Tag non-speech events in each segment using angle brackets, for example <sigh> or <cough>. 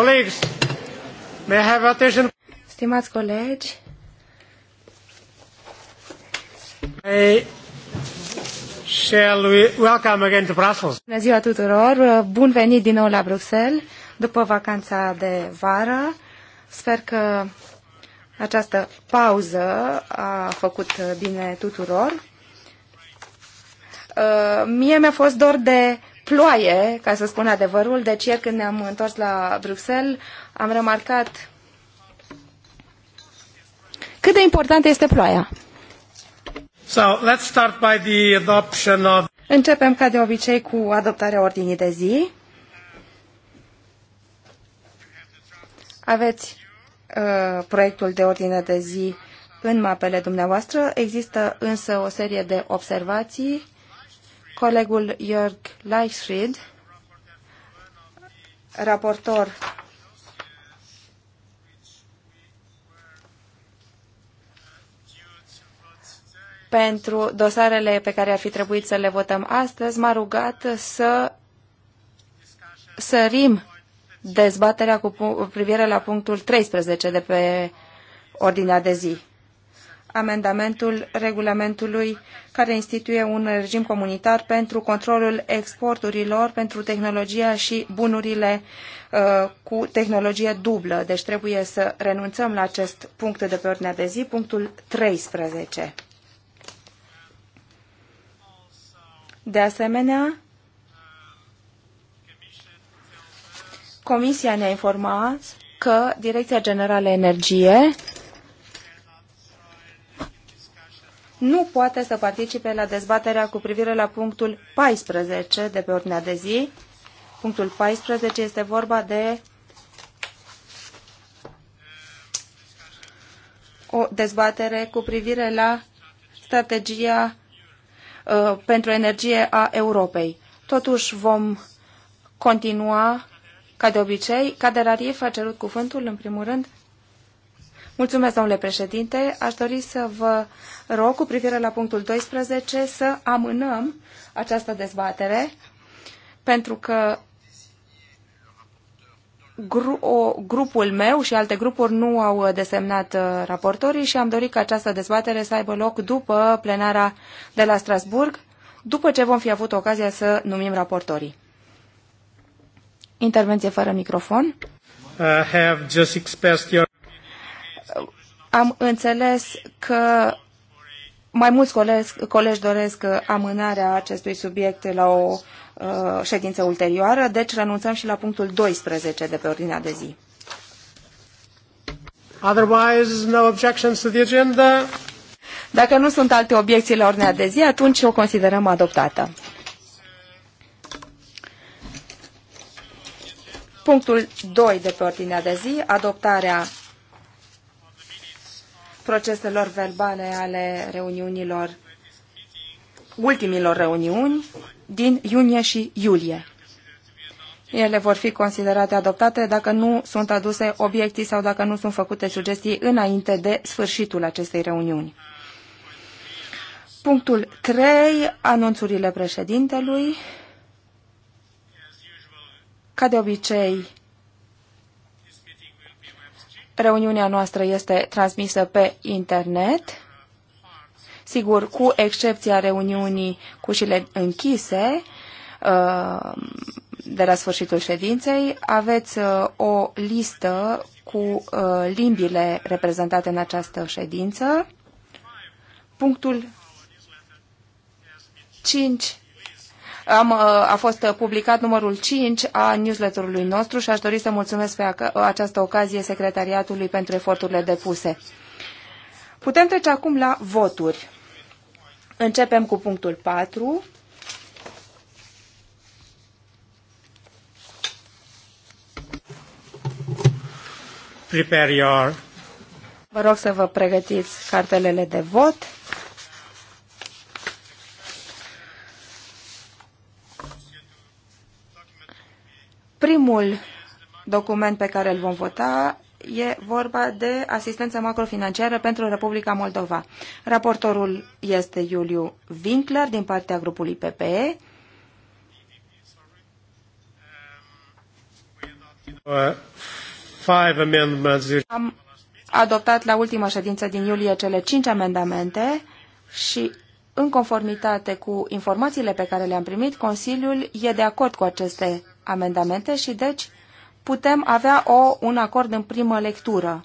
Colleagues, may I have attention? Stimați colegi, I shall we welcome again to Brussels. Bună ziua tuturor, bun venit din nou la Bruxelles după vacanța de vară. Sper că această pauză a făcut bine tuturor. Uh, mie mi-a fost dor de ploaie, ca să spun adevărul, deci ieri când ne-am întors la Bruxelles, am remarcat cât de importantă este ploaia. So, let's start by the adoption of... Începem ca de obicei cu adoptarea ordinii de zi. Aveți uh, proiectul de ordine de zi în mapele dumneavoastră. Există însă o serie de observații Colegul Jörg Leichfried, raportor pentru dosarele pe care ar fi trebuit să le votăm astăzi, m-a rugat să sărim dezbaterea cu privire la punctul 13 de pe ordinea de zi amendamentul regulamentului care instituie un regim comunitar pentru controlul exporturilor pentru tehnologia și bunurile uh, cu tehnologie dublă. Deci trebuie să renunțăm la acest punct de pe ordinea de zi, punctul 13. De asemenea, Comisia ne-a informat că Direcția Generală Energie nu poate să participe la dezbaterea cu privire la punctul 14 de pe ordinea de zi. Punctul 14 este vorba de o dezbatere cu privire la strategia uh, pentru energie a Europei. Totuși vom continua ca de obicei. Caderarief a cerut cuvântul în primul rând. Mulțumesc, domnule președinte. Aș dori să vă rog cu privire la punctul 12 să amânăm această dezbatere pentru că gru o, grupul meu și alte grupuri nu au desemnat uh, raportorii și am dorit ca această dezbatere să aibă loc după plenara de la Strasburg, după ce vom fi avut ocazia să numim raportorii. Intervenție fără microfon. Uh, have just expressed your... Am înțeles că mai mulți colegi, colegi doresc amânarea acestui subiect la o uh, ședință ulterioară, deci renunțăm și la punctul 12 de pe ordinea de zi. Otherwise, no objections to the agenda. Dacă nu sunt alte obiecții la ordinea de zi, atunci o considerăm adoptată. Punctul 2 de pe ordinea de zi, adoptarea proceselor verbale ale reuniunilor, ultimilor reuniuni din iunie și iulie. Ele vor fi considerate adoptate dacă nu sunt aduse obiectii sau dacă nu sunt făcute sugestii înainte de sfârșitul acestei reuniuni. Punctul 3. Anunțurile președintelui. Ca de obicei, reuniunea noastră este transmisă pe internet, sigur, cu excepția reuniunii cu ușile închise uh, de la sfârșitul ședinței, aveți uh, o listă cu uh, limbile reprezentate în această ședință. Punctul 5 am, uh, a fost publicat numărul 5 a newsletterului nostru și aș dori să mulțumesc pe această ocazie secretariatului pentru eforturile depuse. Putem trece acum la voturi. Începem cu punctul 4. Prepare your... Vă rog să vă pregătiți cartelele de vot. Primul document pe care îl vom vota e vorba de asistență macrofinanciară pentru Republica Moldova. Raportorul este Iuliu Winkler din partea grupului PPE. Uh, Am adoptat la ultima ședință din iulie cele cinci amendamente și în conformitate cu informațiile pe care le-am primit, Consiliul e de acord cu aceste amendamente și deci putem avea o, un acord în primă lectură.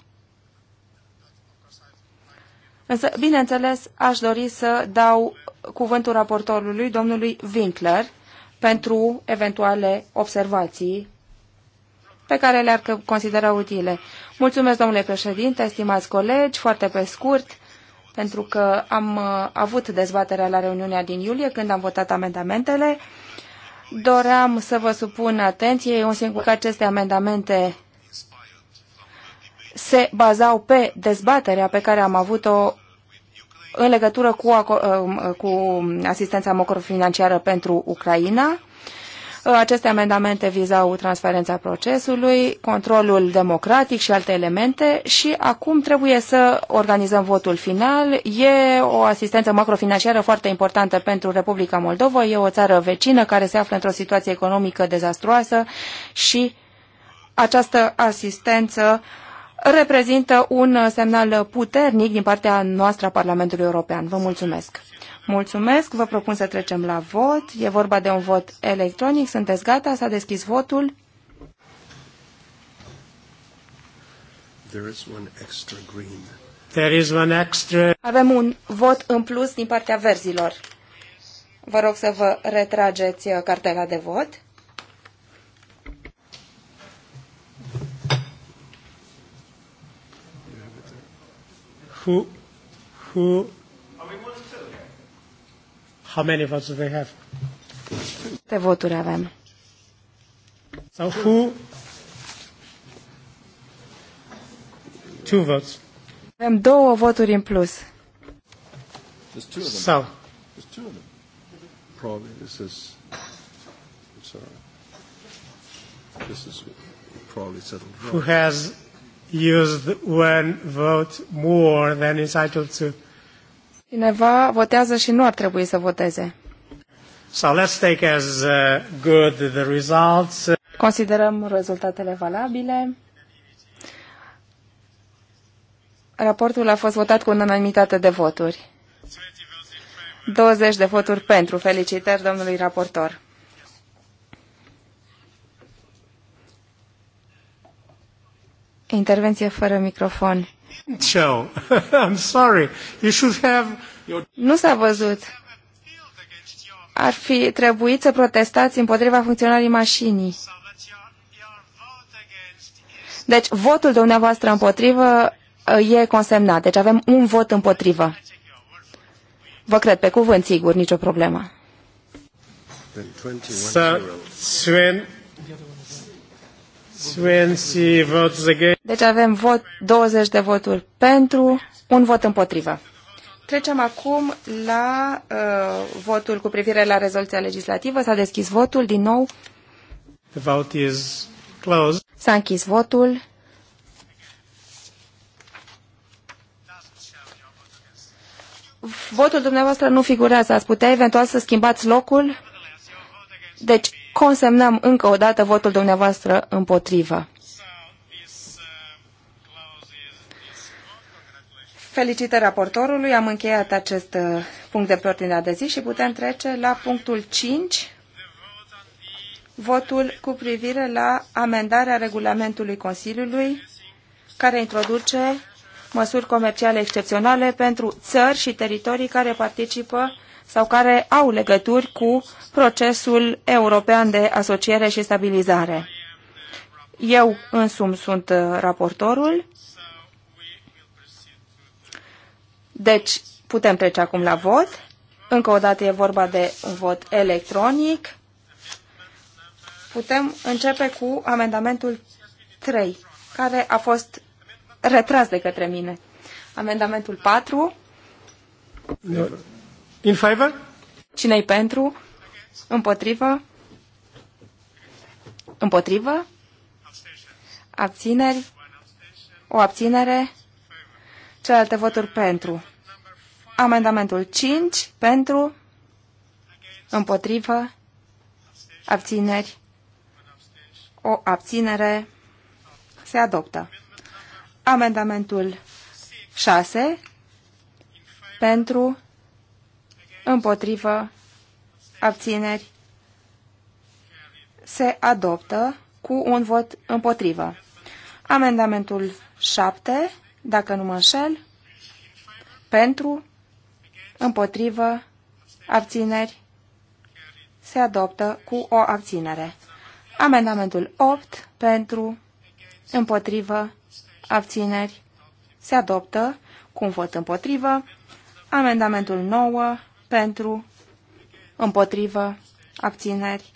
Însă, bineînțeles, aș dori să dau cuvântul raportorului, domnului Winkler, pentru eventuale observații pe care le-ar considera utile. Mulțumesc, domnule președinte, estimați colegi, foarte pe scurt, pentru că am uh, avut dezbaterea la reuniunea din iulie, când am votat amendamentele. Doream să vă supun atenție, eu singur că aceste amendamente se bazau pe dezbaterea pe care am avut-o în legătură cu, uh, cu asistența macrofinanciară pentru Ucraina aceste amendamente vizau transferența procesului, controlul democratic și alte elemente și acum trebuie să organizăm votul final. E o asistență macrofinanciară foarte importantă pentru Republica Moldova. E o țară vecină care se află într-o situație economică dezastruoasă și această asistență reprezintă un semnal puternic din partea noastră a Parlamentului European. Vă mulțumesc! Mulțumesc, vă propun să trecem la vot. E vorba de un vot electronic. Sunteți gata? S-a deschis votul. There is one extra green. There is one extra... Avem un vot în plus din partea verzilor. Vă rog să vă retrageți uh, cartela de vot. Who, who How many votes do they have? Câte voturi avem? So who? Two votes. Avem două voturi în plus. There's two of them. So. There's two of them. Probably this is. I'm sorry. This is probably settled. Who has used one vote more than entitled to? Cineva votează și nu ar trebui să voteze. So let's take as uh, good the results. Considerăm rezultatele valabile. Raportul a fost votat cu unanimitate de voturi. 20 de voturi pentru. Felicitări domnului raportor. Intervenție fără microfon. <laughs> Nu s-a văzut. Ar fi trebuit să protestați împotriva funcționării mașinii. Deci, votul dumneavoastră împotrivă uh, e consemnat. Deci avem un vot împotrivă. Vă cred pe cuvânt, sigur, nicio problemă. Sven, deci avem vot, 20 de voturi pentru, un vot împotrivă. Trecem acum la uh, votul cu privire la rezoluția legislativă. S-a deschis votul din nou. The vote is closed. S-a închis votul. Votul dumneavoastră nu figurează. Ați putea eventual să schimbați locul? Deci, consemnăm încă o dată votul dumneavoastră împotrivă. Felicitări raportorului, am încheiat acest uh, punct de pe ordinea de zi și putem trece la punctul 5, votul cu privire la amendarea regulamentului Consiliului care introduce măsuri comerciale excepționale pentru țări și teritorii care participă sau care au legături cu procesul european de asociere și stabilizare. Eu însumi sunt uh, raportorul. Deci, putem trece acum la vot. Încă o dată e vorba de un vot electronic. Putem începe cu amendamentul 3, care a fost retras de către mine. Amendamentul 4. In favor? Cine-i pentru? Împotrivă? Împotrivă? Abțineri? O abținere? Celelalte voturi pentru. Amendamentul 5 pentru, împotrivă, abțineri, o abținere, se adoptă. Amendamentul 6 pentru, împotrivă, abțineri, se adoptă cu un vot împotrivă. Amendamentul 7, dacă nu mă înșel, pentru, împotrivă, abțineri, se adoptă cu o abținere. Amendamentul 8, pentru, împotrivă, abțineri, se adoptă cu un vot împotrivă. Amendamentul 9, pentru, împotrivă, abțineri,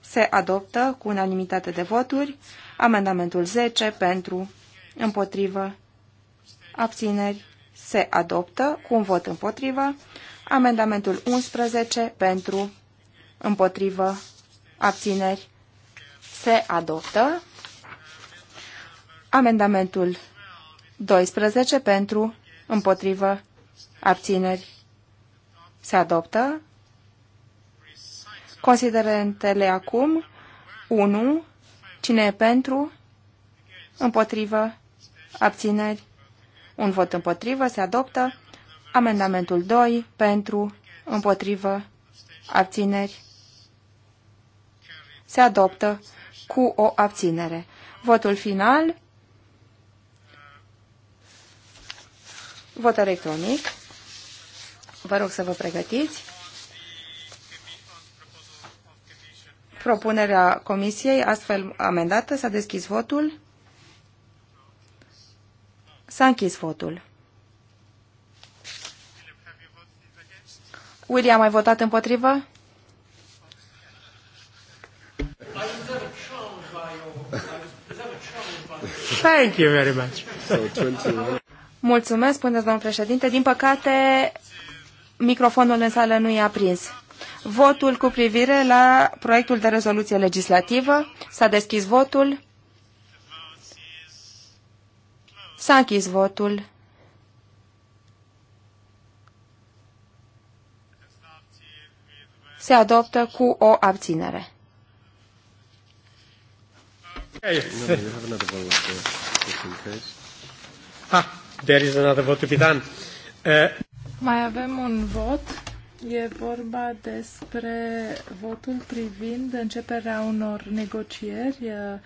se adoptă cu unanimitate de voturi amendamentul 10 pentru, împotrivă, abțineri, se adoptă cu un vot împotrivă amendamentul 11 pentru, împotrivă, abțineri, se adoptă amendamentul 12 pentru, împotrivă, abțineri, se adoptă. Considerentele acum. 1. Cine e pentru? Împotrivă. Abțineri. Un vot împotrivă. Se adoptă. Amendamentul 2. Pentru. Împotrivă. Abțineri. Se adoptă cu o abținere. Votul final. Vot electronic. Vă rog să vă pregătiți. Propunerea comisiei, astfel amendată, s-a deschis votul. S-a închis votul. William a mai votat împotrivă? Thank you very much. Mulțumesc, spuneți, domnul președinte. Din păcate, Microfonul în sală nu e aprins. Votul cu privire la proiectul de rezoluție legislativă. S-a deschis votul. S-a închis votul. Se adoptă cu o abținere. Ah, there is another vote to be done. Uh... Mai avem un vot. E vorba despre votul privind începerea unor negocieri uh,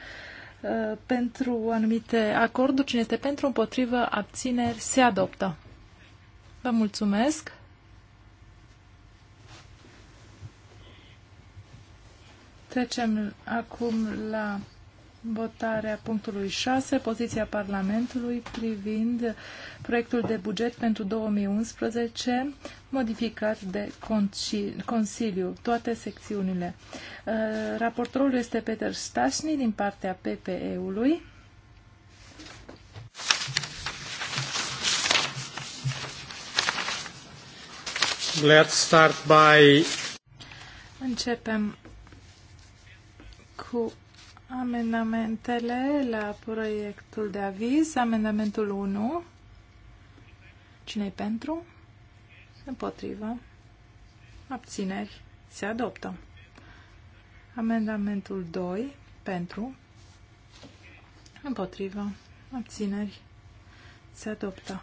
uh, pentru anumite acorduri. Cine este pentru, împotrivă, abțineri, se adoptă. Vă mulțumesc! Trecem acum la votarea punctului 6, poziția Parlamentului privind proiectul de buget pentru 2011, modificat de Consiliu, toate secțiunile. Uh, raportorul este Peter Stasny din partea PPE-ului. Let's start by... Începem cu amendamentele la proiectul de aviz. Amendamentul 1. cine pentru? Împotrivă. Abțineri. Se adoptă. Amendamentul 2. Pentru. Împotrivă. Abțineri. Se adoptă.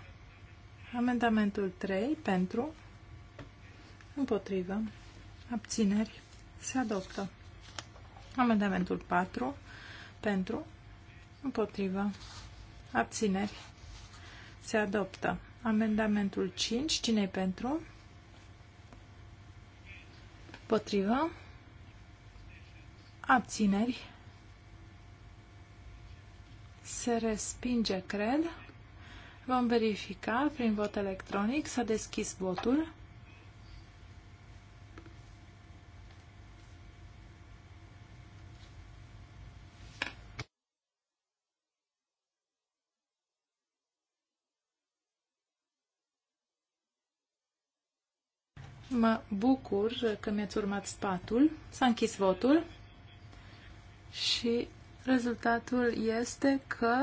Amendamentul 3. Pentru. Împotrivă. Abțineri. Se adoptă. Amendamentul 4 pentru, împotrivă, abțineri, se adoptă. Amendamentul 5, cine pentru? Potrivă, abțineri, se respinge, cred. Vom verifica prin vot electronic. S-a deschis votul. mă bucur că mi-ați urmat spatul. S-a închis votul și rezultatul este că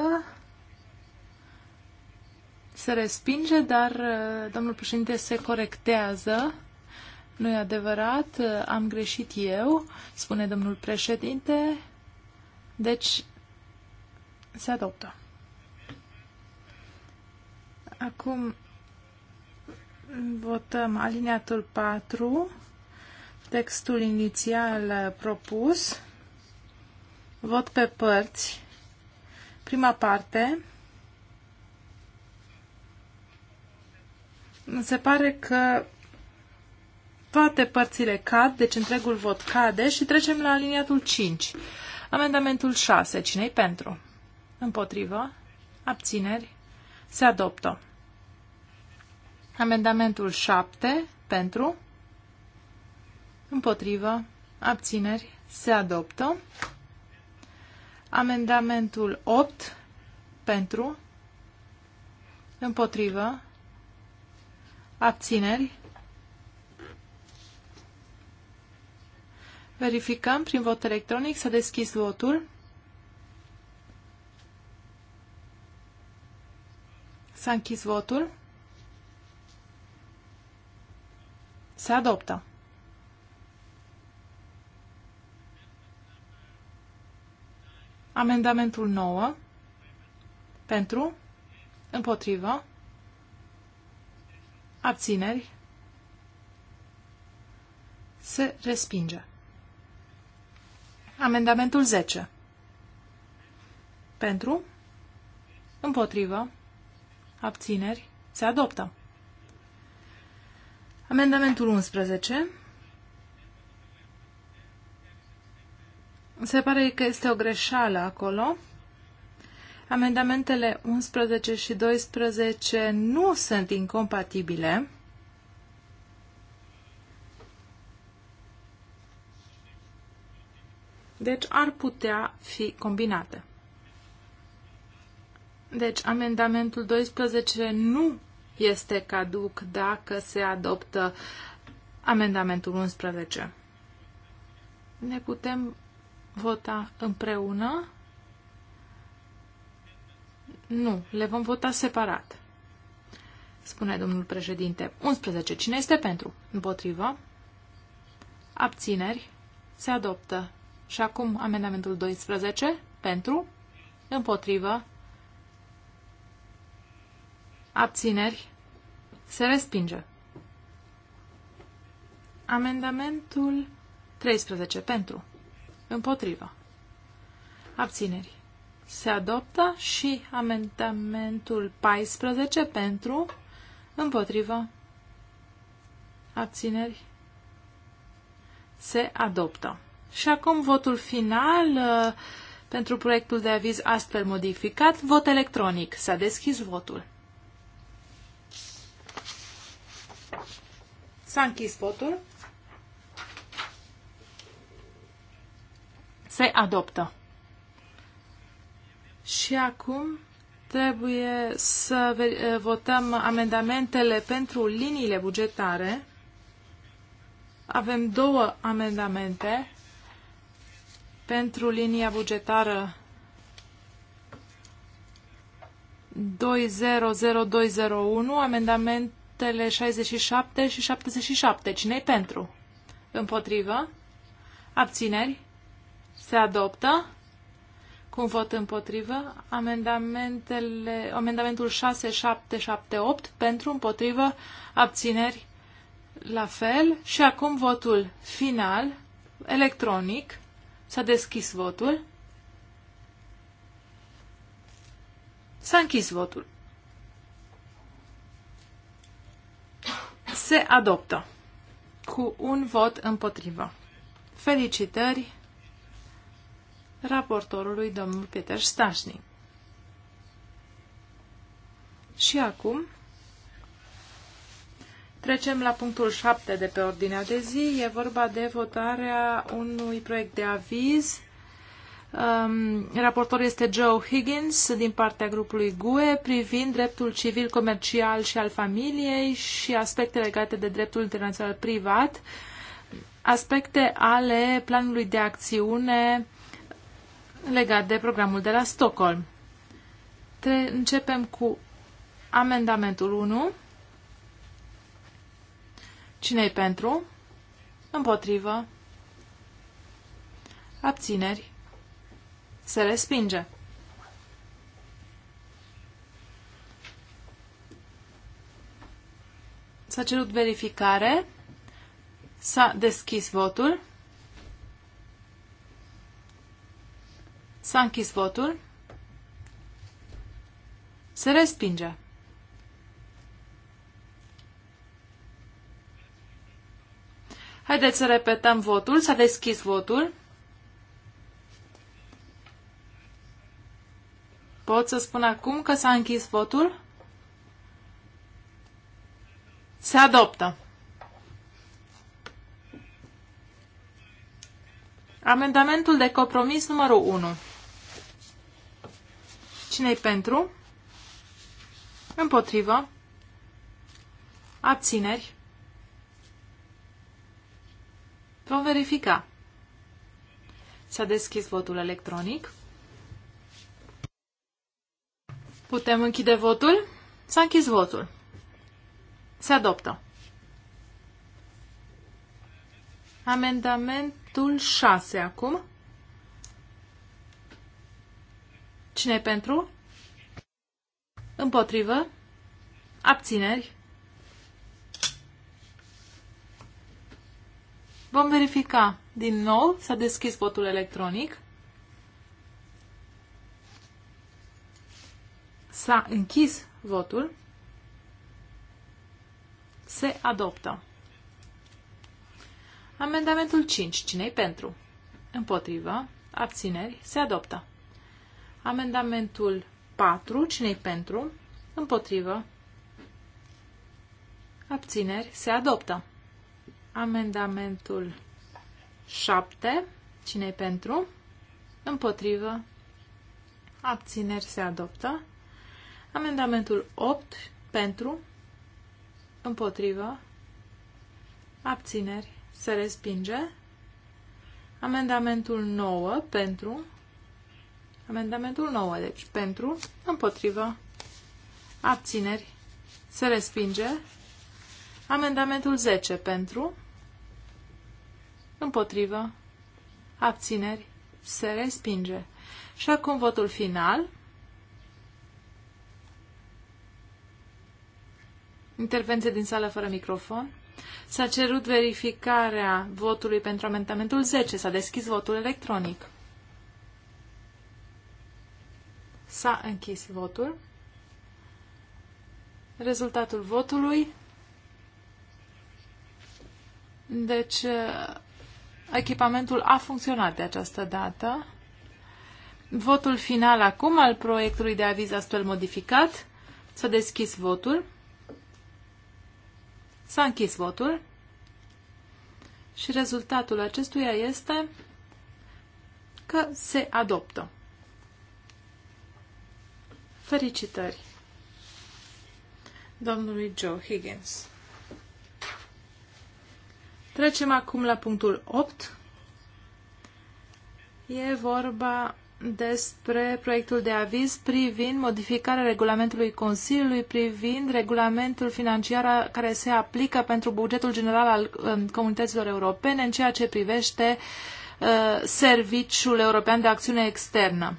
se respinge, dar uh, domnul președinte se corectează. Nu e adevărat, uh, am greșit eu, spune domnul președinte. Deci, se adoptă. Acum Votăm aliniatul 4, textul inițial propus, vot pe părți, prima parte. Se pare că toate părțile cad, deci întregul vot cade și trecem la aliniatul 5. Amendamentul 6. Cine-i pentru? Împotrivă? Abțineri? Se adoptă. Amendamentul 7 pentru, împotrivă, abțineri, se adoptă. Amendamentul 8 pentru, împotrivă, abțineri. Verificăm prin vot electronic. să deschis votul. S-a închis votul. Se adoptă. Amendamentul 9. Pentru. Împotrivă. Abțineri. Se respinge. Amendamentul 10. Pentru. Împotrivă. Abțineri. Se adoptă. Amendamentul 11. Se pare că este o greșeală acolo. Amendamentele 11 și 12 nu sunt incompatibile. Deci ar putea fi combinate. Deci amendamentul 12 nu este caduc dacă se adoptă amendamentul 11. Ne putem vota împreună? Nu, le vom vota separat, spune domnul președinte. 11. Cine este pentru? Împotrivă? Abțineri? Se adoptă. Și acum amendamentul 12? Pentru? Împotrivă? abțineri, se respinge. Amendamentul 13 pentru, împotrivă, abțineri, se adoptă și amendamentul 14 pentru, împotrivă, abțineri, se adoptă. Și acum votul final uh, pentru proiectul de aviz astfel modificat, vot electronic. S-a deschis votul. S-a închis votul. Se adoptă. Și acum trebuie să votăm amendamentele pentru liniile bugetare. Avem două amendamente pentru linia bugetară 200201, amendament 67 și 77. Cine-i pentru? Împotrivă. Abțineri. Se adoptă. Cu un vot împotrivă. Amendamentele, amendamentul 6, 7, 7, 8. Pentru, împotrivă, abțineri. La fel. Și acum votul final, electronic. S-a deschis votul. S-a închis votul. se adoptă cu un vot împotrivă. Felicitări raportorului domnul Peter Stașni. Și acum trecem la punctul 7 de pe ordinea de zi. E vorba de votarea unui proiect de aviz Um, raportor este Joe Higgins din partea grupului GUE privind dreptul civil, comercial și al familiei și aspecte legate de dreptul internațional privat, aspecte ale planului de acțiune legat de programul de la Stockholm. Tre începem cu amendamentul 1. cine e pentru? Împotrivă. Abțineri. Se respinge. S-a cerut verificare. S-a deschis votul. S-a închis votul. Se respinge. Haideți să repetăm votul. S-a deschis votul. Pot să spun acum că s-a închis votul? Se adoptă. Amendamentul de compromis numărul 1. Cine-i pentru? Împotrivă. Abțineri. Vom verifica. S-a deschis votul electronic. Putem închide votul? S-a închis votul. Se adoptă. Amendamentul 6 acum. Cine pentru? Împotrivă? Abțineri? Vom verifica. Din nou s-a deschis votul electronic. S-a închis votul. Se adoptă. Amendamentul 5. Cine-i pentru? Împotrivă. Abțineri. Se adoptă. Amendamentul 4. Cine-i pentru? Împotrivă. Abțineri. Se adoptă. Amendamentul 7. Cine-i pentru? Împotrivă. Abțineri. Se adoptă. Amendamentul 8 pentru, împotrivă, abțineri, se respinge. Amendamentul 9 pentru, amendamentul 9, deci pentru, împotrivă, abțineri, se respinge. Amendamentul 10 pentru, împotrivă, abțineri, se respinge. Și acum votul final Intervenție din sală fără microfon. S-a cerut verificarea votului pentru amendamentul 10. S-a deschis votul electronic. S-a închis votul. Rezultatul votului. Deci, echipamentul a funcționat de această dată. Votul final acum al proiectului de aviz astfel modificat. S-a deschis votul. S-a închis votul și rezultatul acestuia este că se adoptă. Felicitări domnului Joe Higgins. Trecem acum la punctul 8. E vorba despre proiectul de aviz privind modificarea regulamentului Consiliului privind regulamentul financiar care se aplică pentru bugetul general al um, comunităților europene în ceea ce privește uh, Serviciul European de Acțiune Externă.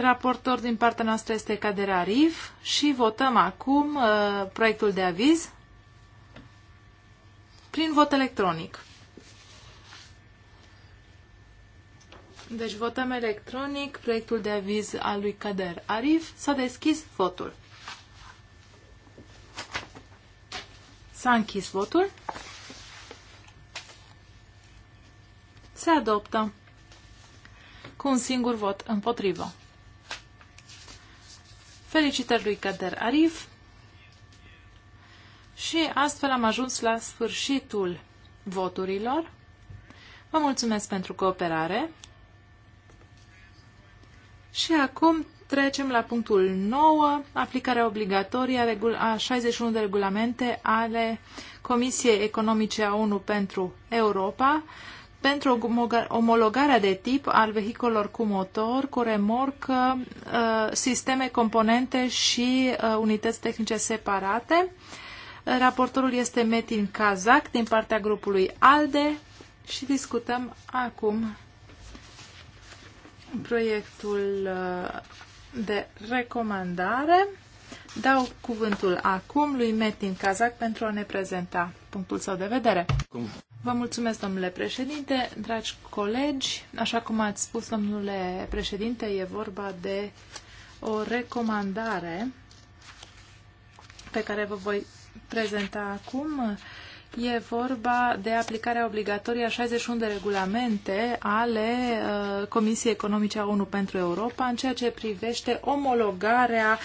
Raportor din partea noastră este Cader Arif și votăm acum uh, proiectul de aviz prin vot electronic. Deci votăm electronic proiectul de aviz al lui Kader Arif. S-a deschis votul. S-a închis votul. Se adoptă cu un singur vot împotrivă. Felicitări lui Kader Arif. Și astfel am ajuns la sfârșitul voturilor. Vă mulțumesc pentru cooperare. Și acum trecem la punctul 9, aplicarea obligatorie a 61 de regulamente ale Comisiei Economice a ONU pentru Europa pentru omologarea de tip al vehicolor cu motor, cu remorcă, uh, sisteme, componente și uh, unități tehnice separate. Raportorul este Metin Kazak din partea grupului ALDE și discutăm acum proiectul uh, de recomandare. Dau cuvântul acum lui Metin Kazak pentru a ne prezenta punctul său de vedere. Vă mulțumesc, domnule președinte, dragi colegi. Așa cum ați spus, domnule președinte, e vorba de o recomandare pe care vă voi prezenta acum. E vorba de aplicarea obligatorie a 61 de regulamente ale uh, Comisiei Economice a ONU pentru Europa în ceea ce privește omologarea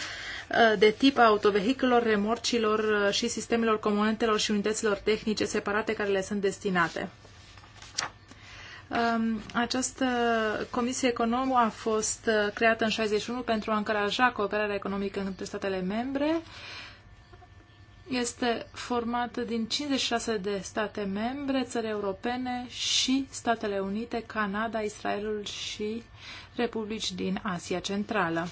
uh, de tip autovehiculor, remorcilor uh, și sistemelor componentelor și unităților tehnice separate care le sunt destinate. Um, această comisie economă a fost uh, creată în 61 pentru a încuraja cooperarea economică între statele membre este formată din 56 de state membre, țări europene și Statele Unite, Canada, Israelul și republici din Asia Centrală.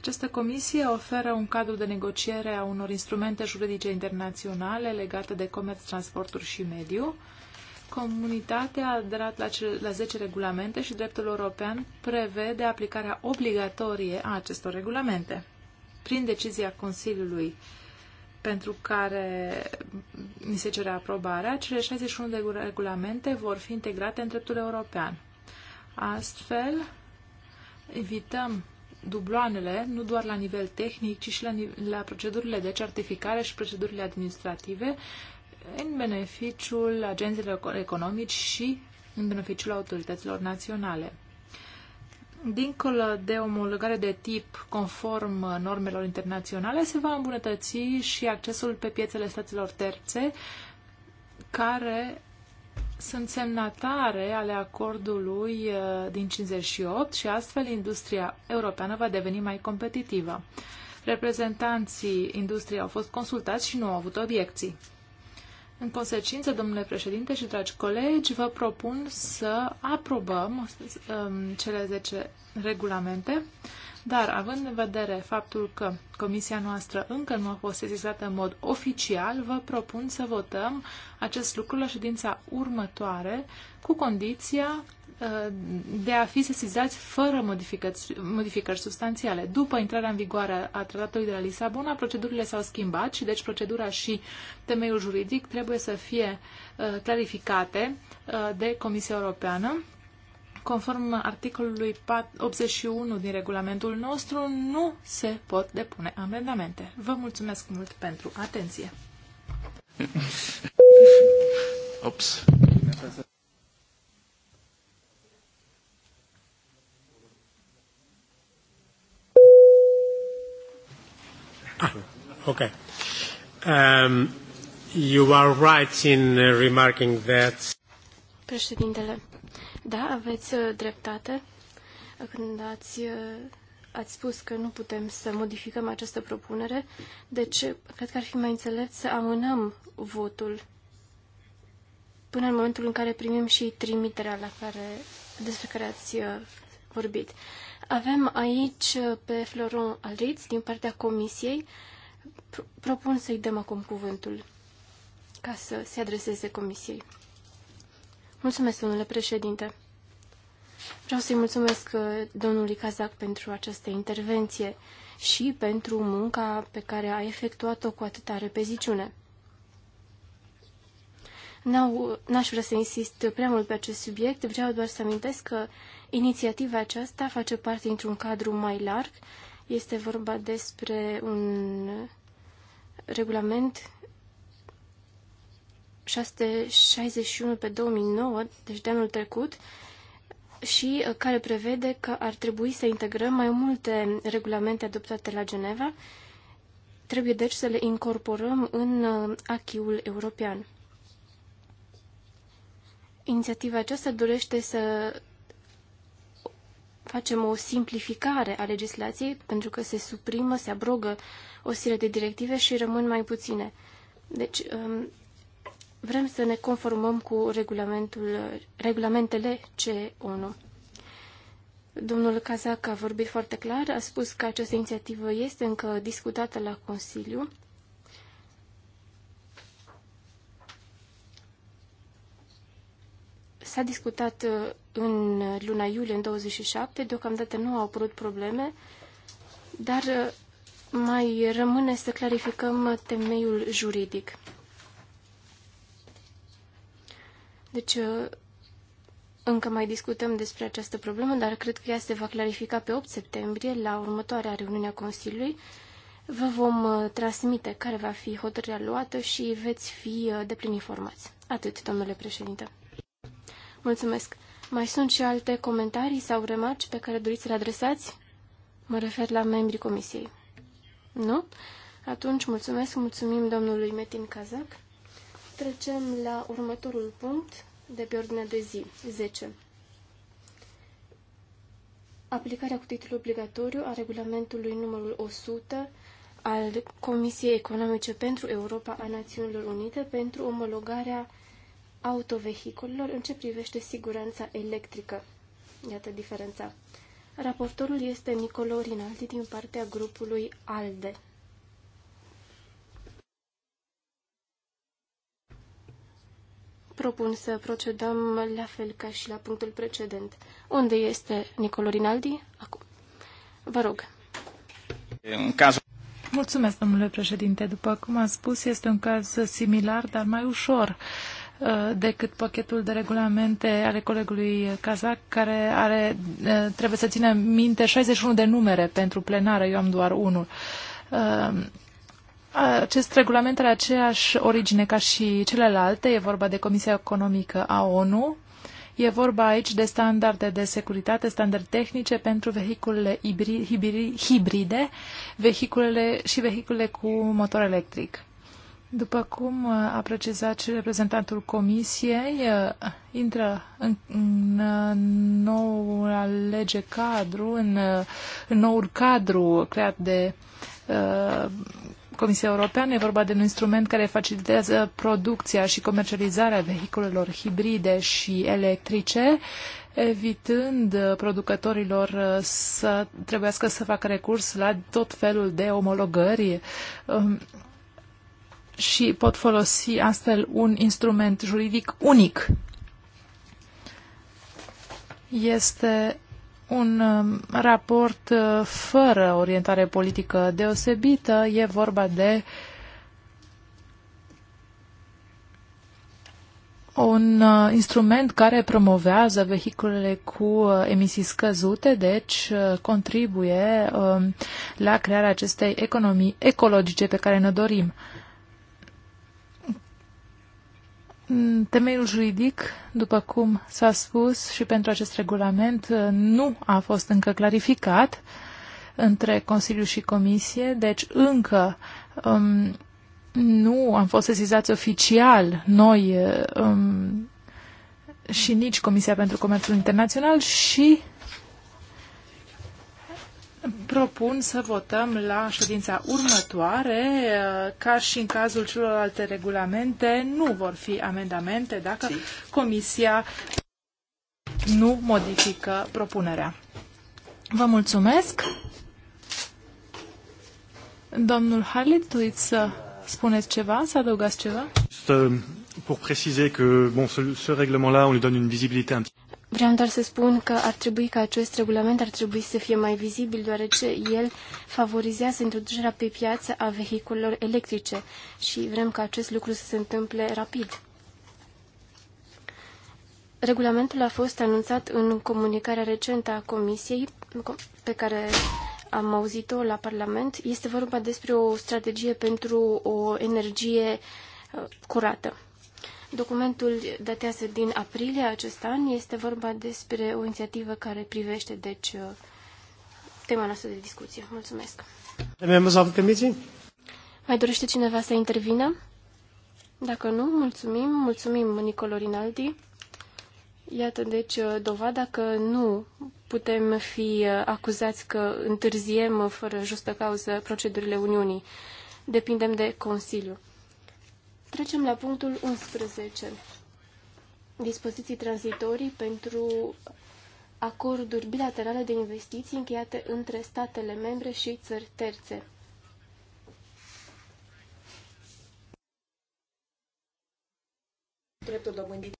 Această comisie oferă un cadru de negociere a unor instrumente juridice internaționale legate de comerț, transporturi și mediu. Comunitatea a aderat la, cele, la 10 regulamente și dreptul european prevede aplicarea obligatorie a acestor regulamente prin decizia Consiliului pentru care ni se cere aprobarea, cele 61 de regulamente vor fi integrate în dreptul european. Astfel, evităm dubloanele, nu doar la nivel tehnic, ci și la, la procedurile de certificare și procedurile administrative, în beneficiul agenților economici și în beneficiul autorităților naționale dincolo de omologare de tip conform normelor internaționale, se va îmbunătăți și accesul pe piețele statelor terțe care sunt semnatare ale acordului uh, din 58 și astfel industria europeană va deveni mai competitivă. Reprezentanții industriei au fost consultați și nu au avut obiecții. În consecință, domnule președinte și dragi colegi, vă propun să aprobăm um, cele 10 regulamente, dar având în vedere faptul că comisia noastră încă nu a fost sesizată în mod oficial, vă propun să votăm acest lucru la ședința următoare, cu condiția de a fi sesizați fără modificări, modificări substanțiale. După intrarea în vigoare a tratatului de la Lisabona, procedurile s-au schimbat și deci procedura și temeiul juridic trebuie să fie uh, clarificate uh, de Comisia Europeană. Conform articolului 81 din regulamentul nostru, nu se pot depune amendamente. Vă mulțumesc mult pentru atenție. Oops. Okay. Um, you are right in uh, remarking that... Președintele, da, aveți uh, dreptate când ați, uh, ați spus că nu putem să modificăm această propunere, deci cred că ar fi mai înțelept să amânăm votul până în momentul în care primim și trimiterea la care, despre care ați vorbit. Avem aici pe Florent Alriț din partea Comisiei Propun să-i dăm acum cuvântul ca să se adreseze comisiei. Mulțumesc, domnule președinte. Vreau să-i mulțumesc uh, domnului Cazac pentru această intervenție și pentru munca pe care a efectuat-o cu atâta repeziciune. N-aș vrea să insist prea mult pe acest subiect, vreau doar să amintesc că inițiativa aceasta face parte dintr-un cadru mai larg este vorba despre un regulament 661 pe 2009, deci de anul trecut, și uh, care prevede că ar trebui să integrăm mai multe regulamente adoptate la Geneva. Trebuie deci să le incorporăm în uh, achiul european. Inițiativa aceasta dorește să facem o simplificare a legislației, pentru că se suprimă, se abrogă o serie de directive și rămân mai puține. Deci, um, vrem să ne conformăm cu regulamentul, regulamentele C1. Domnul Cazac a vorbit foarte clar, a spus că această inițiativă este încă discutată la Consiliu. S-a discutat uh, în luna iulie, în 27. Deocamdată nu au apărut probleme, dar uh, mai rămâne să clarificăm temeiul juridic. Deci, uh, încă mai discutăm despre această problemă, dar cred că ea se va clarifica pe 8 septembrie, la următoarea reuniune a Consiliului. Vă vom uh, transmite care va fi hotărârea luată și veți fi deplin informați. Atât, domnule președinte. Mulțumesc. Mai sunt și alte comentarii sau remarci pe care doriți să le adresați? Mă refer la membrii comisiei. Nu? Atunci mulțumesc, mulțumim domnului Metin Kazak. Trecem la următorul punct de pe ordinea de zi, 10. Aplicarea cu titlul obligatoriu a regulamentului numărul 100 al Comisiei Economice pentru Europa a Națiunilor Unite pentru omologarea autovehiculelor în ce privește siguranța electrică. Iată diferența. Raportorul este Nicolo Rinaldi din partea grupului ALDE. Propun să procedăm la fel ca și la punctul precedent. Unde este Nicolo Rinaldi? Acum. Vă rog. În un caz... Mulțumesc, domnule președinte. După cum am spus, este un caz similar, dar mai ușor. Uh, Uh, decât pachetul de regulamente ale colegului Cazac, care are, uh, trebuie să țină minte 61 de numere pentru plenară, eu am doar unul. Uh, acest regulament are aceeași origine ca și celelalte, e vorba de Comisia Economică a ONU, E vorba aici de standarde de securitate, standarde tehnice pentru vehiculele hibride, hibride vehiculele și vehiculele cu motor electric. După cum uh, a precizat și reprezentantul Comisiei, uh, intră în, în, noua lege cadru, în, uh, în noul cadru creat de uh, Comisia Europeană. E vorba de un instrument care facilitează producția și comercializarea vehiculelor hibride și electrice, evitând producătorilor să trebuiască să facă recurs la tot felul de omologări. Um, și pot folosi astfel un instrument juridic unic. Este un um, raport uh, fără orientare politică deosebită, e vorba de un uh, instrument care promovează vehiculele cu uh, emisii scăzute, deci contribuie um, la crearea acestei economii ecologice pe care ne dorim. Mm, temeiul juridic, după cum s-a spus și pentru acest regulament, uh, nu a fost încă clarificat între Consiliu și Comisie, deci încă um, nu am fost sesizați oficial noi uh, um, și nici Comisia pentru Comerțul Internațional și propun să votăm la ședința următoare, uh, ca și în cazul celorlalte regulamente, nu vor fi amendamente dacă Comisia nu modifică propunerea. Vă mulțumesc. Domnul Harlit, doriți să spuneți ceva, să adăugați ceva? Um, pour préciser que bon, ce, ce règlement-là, on lui donne une visibilité un petit Vreau doar să spun că ar trebui ca acest regulament ar trebui să fie mai vizibil, deoarece el favorizează introducerea pe piață a vehiculelor electrice și vrem ca acest lucru să se întâmple rapid. Regulamentul a fost anunțat în comunicarea recentă a Comisiei, pe care am auzit-o la Parlament. Este vorba despre o strategie pentru o energie uh, curată. Documentul datează din aprilie acest an. Este vorba despre o inițiativă care privește, deci, uh, tema noastră de discuție. Mulțumesc. Mai dorește cineva să intervină? Dacă nu, mulțumim. Mulțumim, Nicolo Rinaldi. Iată, deci, uh, dovada că nu putem fi uh, acuzați că întârziem fără justă cauză procedurile Uniunii. Depindem de Consiliu. Trecem la punctul 11. Dispoziții tranzitorii pentru acorduri bilaterale de investiții încheiate între statele membre și țări terțe. Dreptul dobândit.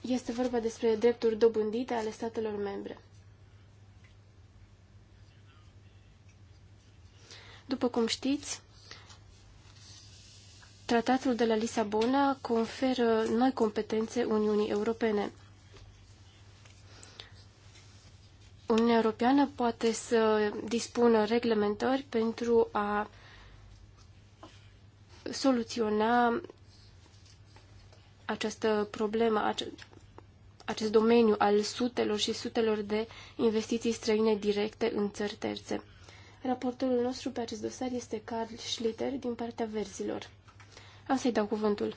Este vorba despre drepturi dobândite ale statelor membre. După cum știți, Tratatul de la Lisabona conferă noi competențe Uniunii Europene. Uniunea Europeană poate să dispună reglementări pentru a soluționa această problemă, acest domeniu al sutelor și sutelor de investiții străine directe în țări terțe. Raportorul nostru pe acest dosar este Carl Schlitter din partea verzilor. Am să-i dau cuvântul.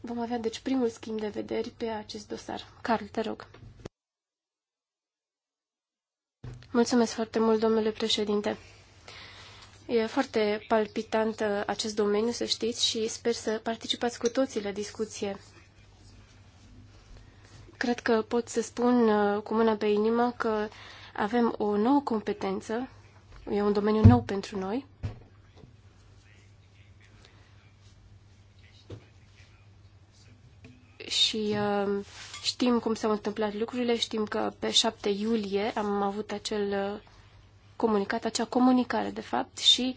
Vom avea, deci, primul schimb de vederi pe acest dosar. Carl, te rog. Mulțumesc foarte mult, domnule președinte. E foarte palpitant uh, acest domeniu, să știți, și sper să participați cu toții la discuție. Cred că pot să spun uh, cu mâna pe inimă că avem o nouă competență, e un domeniu nou pentru noi, și uh, știm cum s-au întâmplat lucrurile, știm că pe 7 iulie am avut acel uh, comunicat, acea comunicare, de fapt, și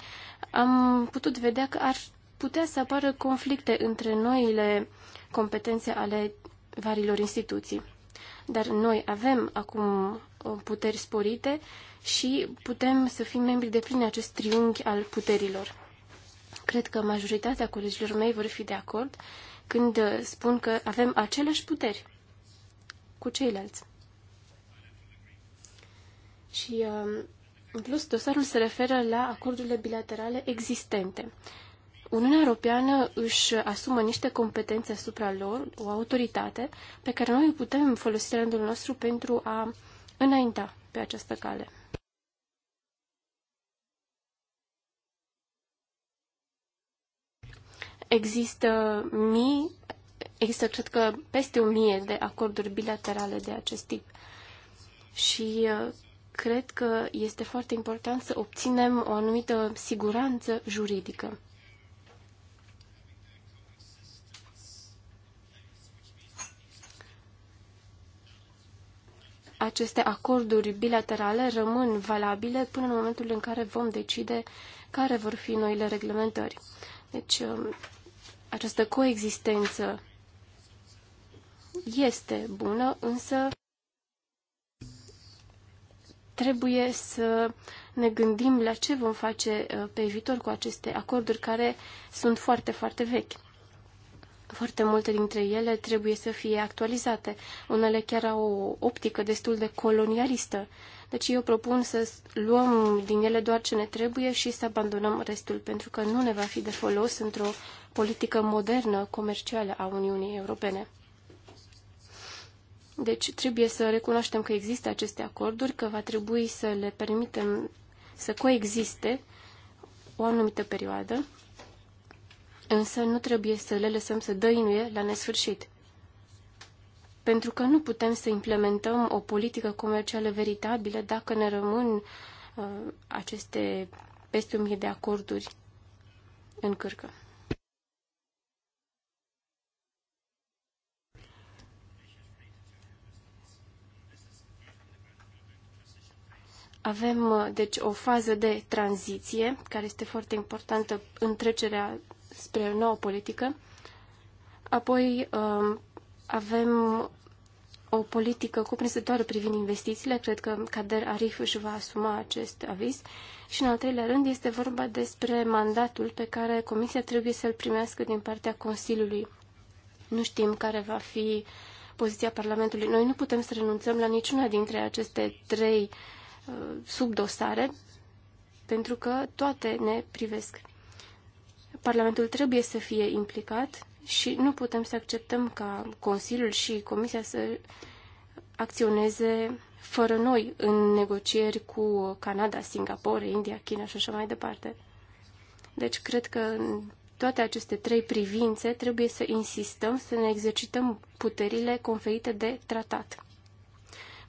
am putut vedea că ar putea să apară conflicte între noile competențe ale varilor instituții. Dar noi avem acum uh, puteri sporite și putem să fim membri de plin acest triunghi al puterilor. Cred că majoritatea colegilor mei vor fi de acord când uh, spun că avem aceleași puteri cu ceilalți. Și, um, în plus, dosarul se referă la acordurile bilaterale existente. Uniunea Europeană își asumă niște competențe asupra lor, o autoritate, pe care noi putem folosi rândul nostru pentru a înainta pe această cale. Există mii, există cred că peste o mie de acorduri bilaterale de acest tip. Și uh, cred că este foarte important să obținem o anumită siguranță juridică. Aceste acorduri bilaterale rămân valabile până în momentul în care vom decide care vor fi noile reglementări. Deci um, această coexistență este bună, însă trebuie să ne gândim la ce vom face uh, pe viitor cu aceste acorduri care sunt foarte, foarte vechi. Foarte multe dintre ele trebuie să fie actualizate. Unele chiar au o optică destul de colonialistă. Deci eu propun să luăm din ele doar ce ne trebuie și să abandonăm restul, pentru că nu ne va fi de folos într-o politică modernă comercială a Uniunii Europene. Deci trebuie să recunoaștem că există aceste acorduri, că va trebui să le permitem să coexiste o anumită perioadă, însă nu trebuie să le lăsăm să dăinuie la nesfârșit pentru că nu putem să implementăm o politică comercială veritabilă dacă ne rămân uh, aceste peste 1000 de acorduri în cârcă. Avem, uh, deci, o fază de tranziție, care este foarte importantă în trecerea spre o nouă politică. Apoi, um, avem o politică cuprinsătoare privind investițiile, cred că Kader Arif își va asuma acest aviz. Și în al treilea rând este vorba despre mandatul pe care Comisia trebuie să-l primească din partea Consiliului. Nu știm care va fi poziția Parlamentului. Noi nu putem să renunțăm la niciuna dintre aceste trei uh, subdosare, pentru că toate ne privesc. Parlamentul trebuie să fie implicat și nu putem să acceptăm ca Consiliul și Comisia să acționeze fără noi în negocieri cu Canada, Singapore, India, China și așa mai departe. Deci cred că în toate aceste trei privințe trebuie să insistăm să ne exercităm puterile conferite de tratat.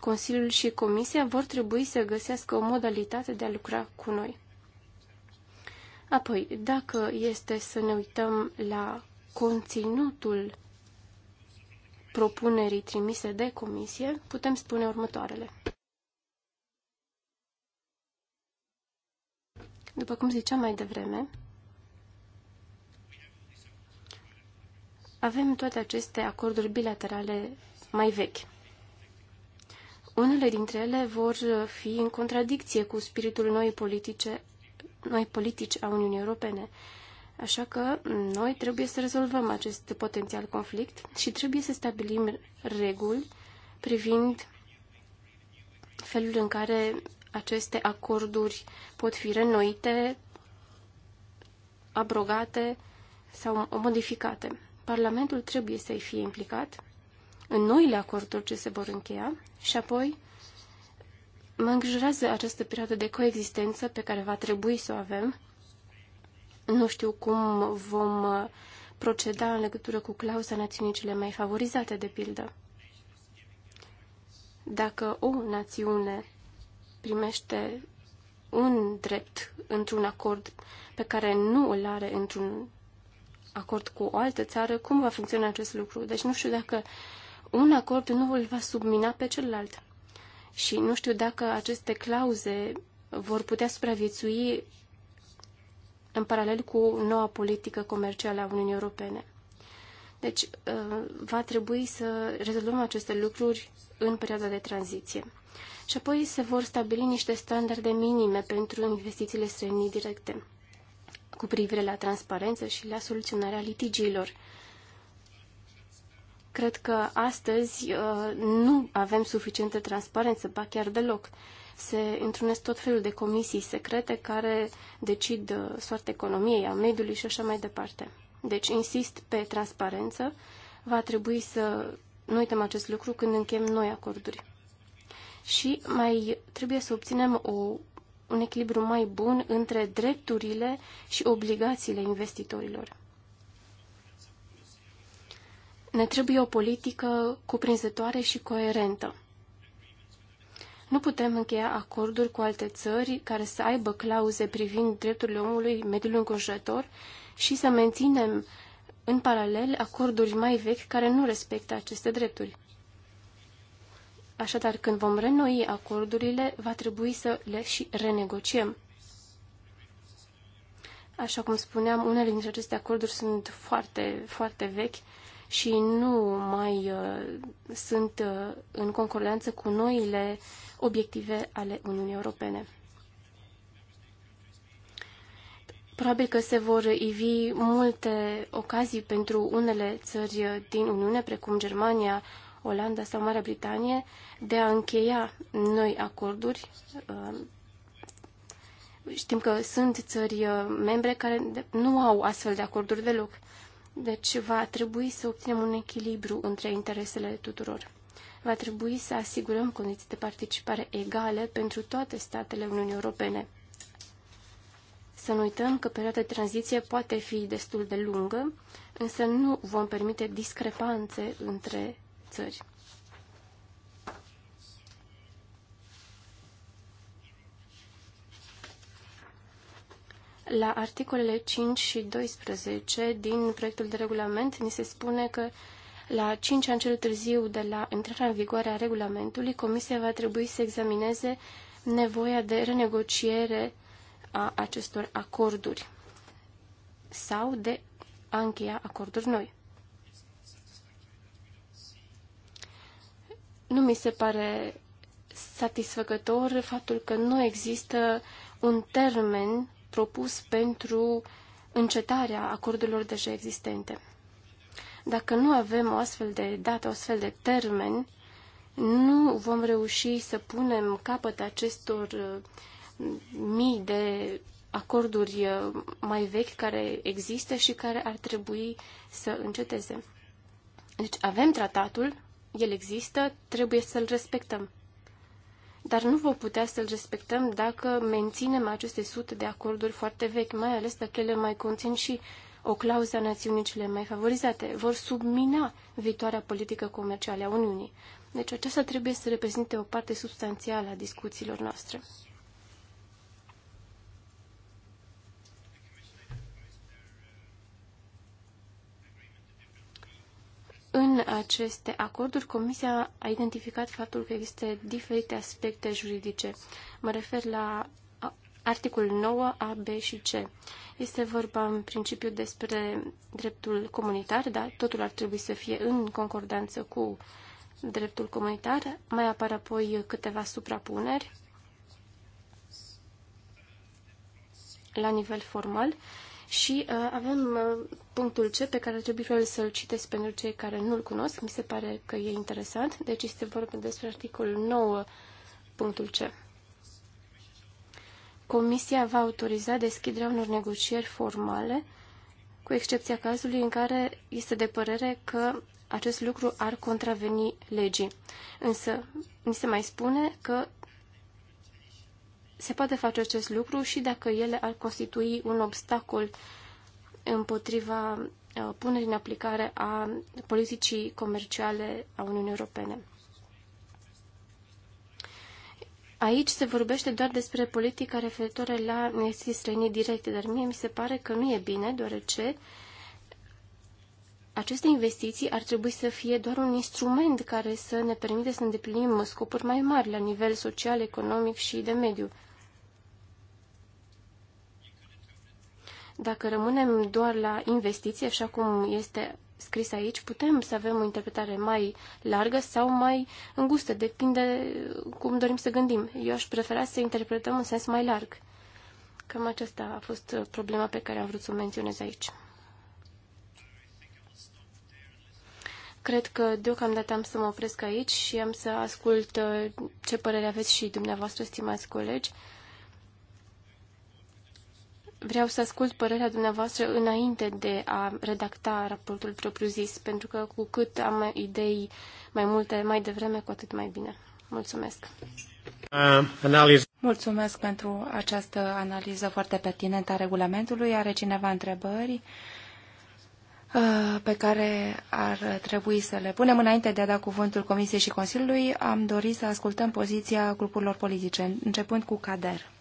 Consiliul și Comisia vor trebui să găsească o modalitate de a lucra cu noi. Apoi, dacă este să ne uităm la conținutul propunerii trimise de comisie, putem spune următoarele. După cum ziceam mai devreme, avem toate aceste acorduri bilaterale mai vechi. Unele dintre ele vor fi în contradicție cu spiritul noi politice, noi politici a Uniunii Europene. Așa că noi trebuie să rezolvăm acest potențial conflict și trebuie să stabilim reguli privind felul în care aceste acorduri pot fi renoite, abrogate sau modificate. Parlamentul trebuie să-i fie implicat în noile acorduri ce se vor încheia și apoi mă îngrijorează această perioadă de coexistență pe care va trebui să o avem nu știu cum vom uh, proceda în legătură cu clauza națiunii cele mai favorizate, de pildă. Dacă o națiune primește un drept într-un acord pe care nu îl are într-un acord cu o altă țară, cum va funcționa acest lucru? Deci nu știu dacă un acord nu îl va submina pe celălalt. Și nu știu dacă aceste clauze vor putea supraviețui în paralel cu noua politică comercială a Uniunii Europene. Deci, uh, va trebui să rezolvăm aceste lucruri în perioada de tranziție. Și apoi se vor stabili niște standarde minime pentru investițiile străinii directe cu privire la transparență și la soluționarea litigiilor. Cred că astăzi uh, nu avem suficientă transparență, ba chiar deloc se întrunesc tot felul de comisii secrete care decid uh, soarta economiei, a mediului și așa mai departe. Deci insist pe transparență. Va trebui să nu uităm acest lucru când încheiem noi acorduri. Și mai trebuie să obținem o, un echilibru mai bun între drepturile și obligațiile investitorilor. Ne trebuie o politică cuprinzătoare și coerentă. Nu putem încheia acorduri cu alte țări care să aibă clauze privind drepturile omului, mediul înconjurător și să menținem în paralel acorduri mai vechi care nu respectă aceste drepturi. Așadar, când vom renoi acordurile, va trebui să le și renegociem. Așa cum spuneam, unele dintre aceste acorduri sunt foarte, foarte vechi și nu mai uh, sunt uh, în concordanță cu noile obiective ale Uniunii Europene. Probabil că se vor ivi multe ocazii pentru unele țări din Uniune, precum Germania, Olanda sau Marea Britanie, de a încheia noi acorduri. Uh, știm că sunt țări uh, membre care nu au astfel de acorduri deloc. Deci va trebui să obținem un echilibru între interesele tuturor va trebui să asigurăm condiții de participare egale pentru toate statele Uniunii Europene. Să nu uităm că perioada de tranziție poate fi destul de lungă, însă nu vom permite discrepanțe între țări. La articolele 5 și 12 din proiectul de regulament ni se spune că la cinci ani cel târziu de la intrarea în vigoare a regulamentului, Comisia va trebui să examineze nevoia de renegociere a acestor acorduri sau de a încheia acorduri noi. Nu mi se pare satisfăcător faptul că nu există un termen propus pentru încetarea acordurilor deja existente. Dacă nu avem o astfel de dată, o astfel de termen, nu vom reuși să punem capăt acestor uh, mii de acorduri uh, mai vechi care există și care ar trebui să înceteze. Deci avem tratatul, el există, trebuie să-l respectăm. Dar nu vom putea să-l respectăm dacă menținem aceste sute de acorduri foarte vechi, mai ales dacă ele mai conțin și o clauză a națiunii cele mai favorizate, vor submina viitoarea politică comercială a Uniunii. Deci aceasta trebuie să reprezinte o parte substanțială a discuțiilor noastre. În aceste acorduri, Comisia a identificat faptul că există diferite aspecte juridice. Mă refer la Articolul 9 A, B și C. Este vorba în principiu despre dreptul comunitar, dar totul ar trebui să fie în concordanță cu dreptul comunitar. Mai apar apoi câteva suprapuneri la nivel formal și uh, avem uh, punctul C pe care trebuie să-l citesc pentru cei care nu-l cunosc. Mi se pare că e interesant. Deci este vorba despre articolul 9, punctul C. Comisia va autoriza deschiderea unor negocieri formale, cu excepția cazului în care este de părere că acest lucru ar contraveni legii. Însă, mi se mai spune că se poate face acest lucru și dacă ele ar constitui un obstacol împotriva uh, punerii în aplicare a politicii comerciale a Uniunii Europene. Aici se vorbește doar despre politica referitoare la investiții străine directe, dar mie mi se pare că nu e bine, deoarece aceste investiții ar trebui să fie doar un instrument care să ne permite să îndeplinim scopuri mai mari la nivel social, economic și de mediu. Dacă rămânem doar la investiții, așa cum este scris aici, putem să avem o interpretare mai largă sau mai îngustă, depinde cum dorim să gândim. Eu aș prefera să interpretăm în sens mai larg. Cam aceasta a fost problema pe care am vrut să o menționez aici. Cred că deocamdată am să mă opresc aici și am să ascult uh, ce părere aveți și dumneavoastră, stimați colegi. Vreau să ascult părerea dumneavoastră înainte de a redacta raportul propriu-zis, pentru că cu cât am idei mai multe mai devreme, cu atât mai bine. Mulțumesc! Uh, Mulțumesc pentru această analiză foarte pertinentă a regulamentului. Are cineva întrebări uh, pe care ar trebui să le punem înainte de a da cuvântul Comisiei și Consiliului? Am dorit să ascultăm poziția grupurilor politice, începând cu Cader.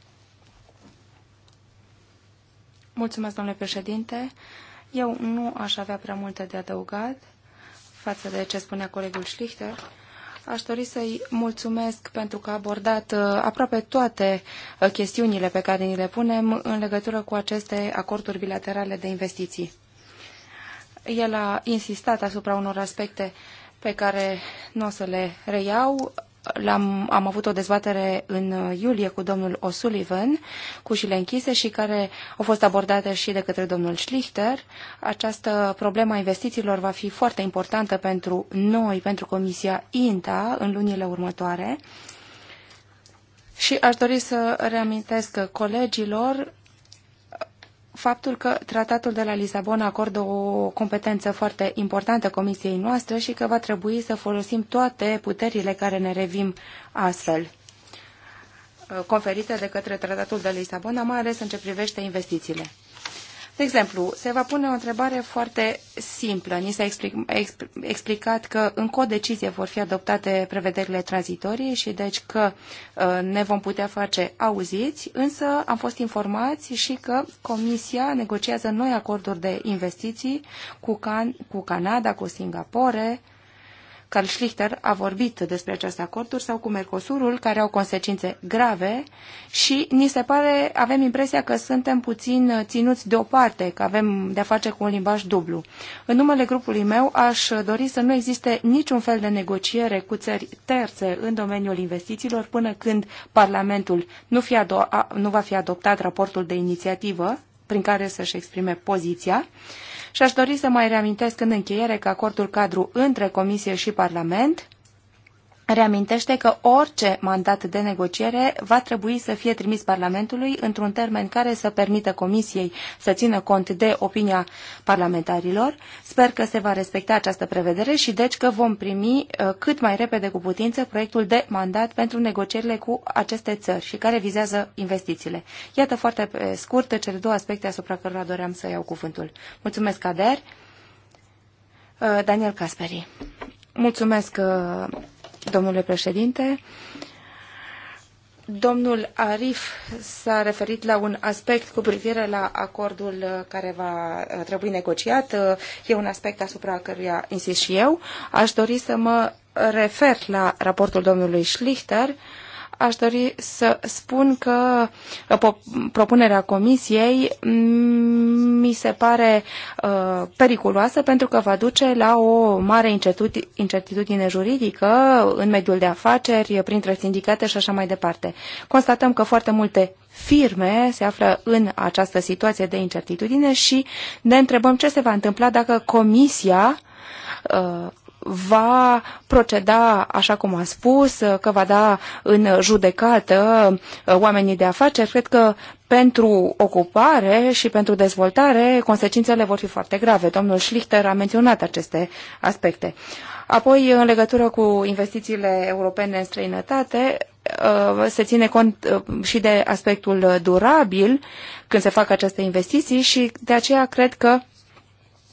Mulțumesc, domnule președinte. Eu nu aș avea prea multe de adăugat față de ce spunea colegul Schlichter. Aș dori să-i mulțumesc pentru că a abordat uh, aproape toate uh, chestiunile pe care ni le punem în legătură cu aceste acorduri bilaterale de investiții. El a insistat asupra unor aspecte pe care nu o să le reiau am am avut o dezbatere în uh, iulie cu domnul O'Sullivan, cu ușile închise și care au fost abordate și de către domnul Schlichter. Această problemă a investițiilor va fi foarte importantă pentru noi, pentru Comisia INTA, în lunile următoare. Și aș dori să reamintesc colegilor faptul că tratatul de la Lisabona acordă o competență foarte importantă comisiei noastre și că va trebui să folosim toate puterile care ne revin astfel uh, conferite de către tratatul de Lisabona, mai ales în ce privește investițiile. De exemplu, se va pune o întrebare foarte simplă. Ni s-a explic, exp, explicat că în codecizie vor fi adoptate prevederile tranzitorii și deci că uh, ne vom putea face auziți, însă am fost informați și că Comisia negociază noi acorduri de investiții cu, Can- cu Canada, cu Singapore, Carl Schlichter a vorbit despre aceste acorduri sau cu Mercosurul, care au consecințe grave și ni se pare, avem impresia că suntem puțin ținuți deoparte, că avem de-a face cu un limbaj dublu. În numele grupului meu aș dori să nu existe niciun fel de negociere cu țări terțe în domeniul investițiilor până când Parlamentul nu, fi nu va fi adoptat raportul de inițiativă prin care să-și exprime poziția și aș dori să mai reamintesc în încheiere că acordul cadru între Comisie și Parlament reamintește că orice mandat de negociere va trebui să fie trimis Parlamentului într-un termen care să permită Comisiei să țină cont de opinia parlamentarilor. Sper că se va respecta această prevedere și deci că vom primi uh, cât mai repede cu putință proiectul de mandat pentru negocierile cu aceste țări și care vizează investițiile. Iată foarte scurt cele două aspecte asupra cărora doream să iau cuvântul. Mulțumesc, Ader. Uh, Daniel Casperi. Mulțumesc, uh, domnule președinte. Domnul Arif s-a referit la un aspect cu privire la acordul uh, care va uh, trebui negociat. Uh, e un aspect asupra căruia insist și eu. Aș dori să mă refer la raportul domnului Schlichter aș dori să spun că uh, propunerea comisiei mm, mi se pare uh, periculoasă pentru că va duce la o mare incertitudine juridică în mediul de afaceri, printre sindicate și așa mai departe. Constatăm că foarte multe firme se află în această situație de incertitudine și ne întrebăm ce se va întâmpla dacă comisia uh, va proceda așa cum a spus, că va da în judecată uh, oamenii de afaceri. Cred că pentru ocupare și pentru dezvoltare consecințele vor fi foarte grave. Domnul Schlichter a menționat aceste aspecte. Apoi, în legătură cu investițiile europene în străinătate, uh, se ține cont uh, și de aspectul durabil când se fac aceste investiții și de aceea cred că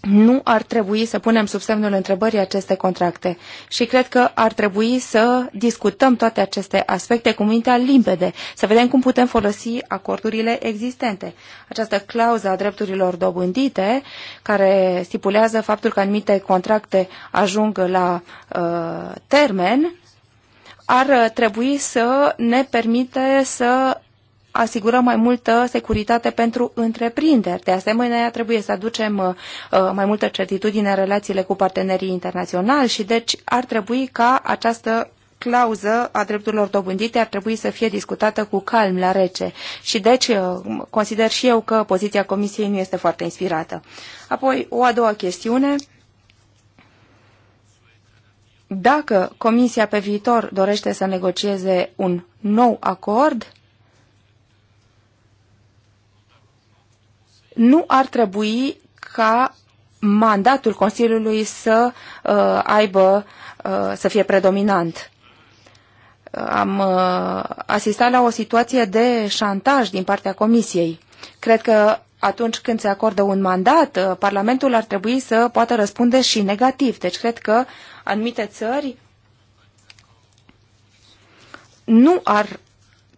nu ar trebui să punem sub semnul întrebării aceste contracte și cred că ar trebui să discutăm toate aceste aspecte cu mintea limpede, să vedem cum putem folosi acordurile existente. Această clauză a drepturilor dobândite, care stipulează faptul că anumite contracte ajung la uh, termen, ar uh, trebui să ne permite să asigurăm mai multă securitate pentru întreprinderi. De asemenea, trebuie să aducem uh, mai multă certitudine în relațiile cu partenerii internaționali și deci ar trebui ca această clauză a drepturilor dobândite ar trebui să fie discutată cu calm la rece și deci uh, consider și eu că poziția Comisiei nu este foarte inspirată. Apoi, o a doua chestiune, dacă Comisia pe viitor dorește să negocieze un nou acord, nu ar trebui ca mandatul Consiliului să uh, aibă, uh, să fie predominant. Am uh, asistat la o situație de șantaj din partea Comisiei. Cred că atunci când se acordă un mandat, uh, Parlamentul ar trebui să poată răspunde și negativ. Deci cred că anumite țări nu ar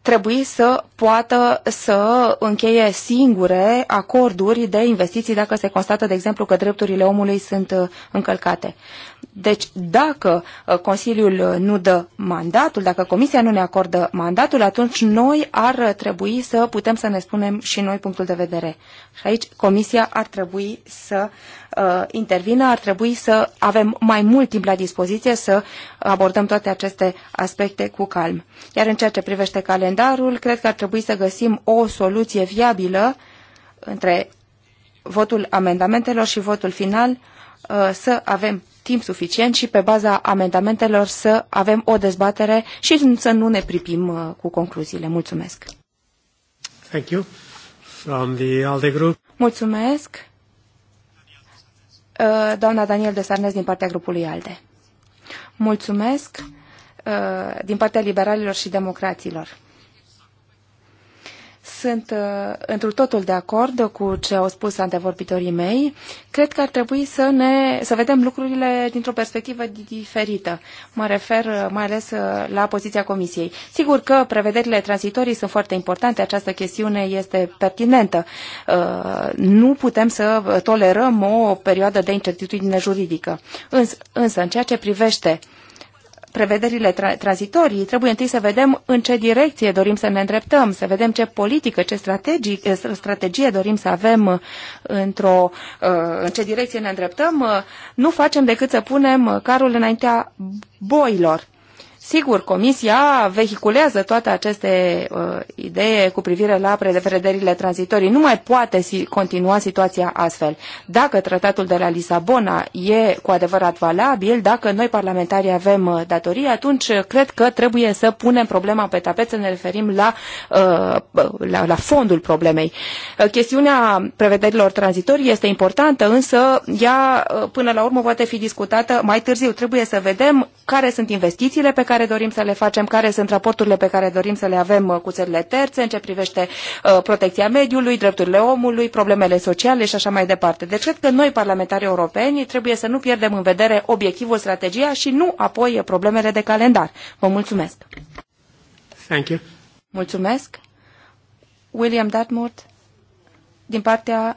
trebui să poată să încheie singure acorduri de investiții dacă se constată, de exemplu, că drepturile omului sunt uh, încălcate. Deci, dacă uh, Consiliul nu dă mandatul, dacă Comisia nu ne acordă mandatul, atunci noi ar trebui să putem să ne spunem și noi punctul de vedere. Și aici Comisia ar trebui să uh, intervină, ar trebui să avem mai mult timp la dispoziție să abordăm toate aceste aspecte cu calm. Iar în ceea ce privește calendarul, cred că ar trebui să găsim o soluție viabilă între votul amendamentelor și votul final, uh, să avem timp suficient și pe baza amendamentelor să avem o dezbatere și să nu ne pripim uh, cu concluziile. Mulțumesc! Thank you. From the ALDE group. Mulțumesc! Uh, doamna Daniel de Sarnes din partea grupului ALDE. Mulțumesc uh, din partea liberalilor și democraților. Sunt uh, într totul de acord cu ce au spus antevorbitorii mei. Cred că ar trebui să, ne, să vedem lucrurile dintr-o perspectivă diferită. Mă refer uh, mai ales uh, la poziția Comisiei. Sigur că prevederile tranzitorii sunt foarte importante, această chestiune este pertinentă. Uh, nu putem să tolerăm o perioadă de incertitudine juridică. Însă, însă, în ceea ce privește uh, prevederile tra tranzitorii, trebuie întâi să vedem în ce direcție dorim să ne îndreptăm, să vedem ce politică, ce eh, strategie dorim să avem eh, într-o, eh, în ce direcție ne îndreptăm. Nu facem decât să punem carul înaintea boilor. Sigur, Comisia vehiculează toate aceste uh, idei cu privire la prevederile tranzitorii. Nu mai poate si continua situația astfel. Dacă tratatul de la Lisabona e cu adevărat valabil, dacă noi parlamentarii avem uh, datorii, atunci uh, cred că trebuie să punem problema pe tapet, să ne referim la, uh, uh la, la fondul problemei. Uh, chestiunea prevederilor tranzitorii este importantă, însă ea până la urmă poate fi discutată mai târziu. Trebuie să vedem care sunt investițiile pe care dorim să le facem, care sunt raporturile pe care dorim să le avem uh, cu țările terțe în ce privește uh, protecția mediului, drepturile omului, problemele sociale și așa mai departe. Deci cred că noi, parlamentarii europeni, trebuie să nu pierdem în vedere obiectivul, strategia și nu apoi uh, problemele de calendar. Vă mulțumesc! Thank you. Mulțumesc! William Dartmouth din partea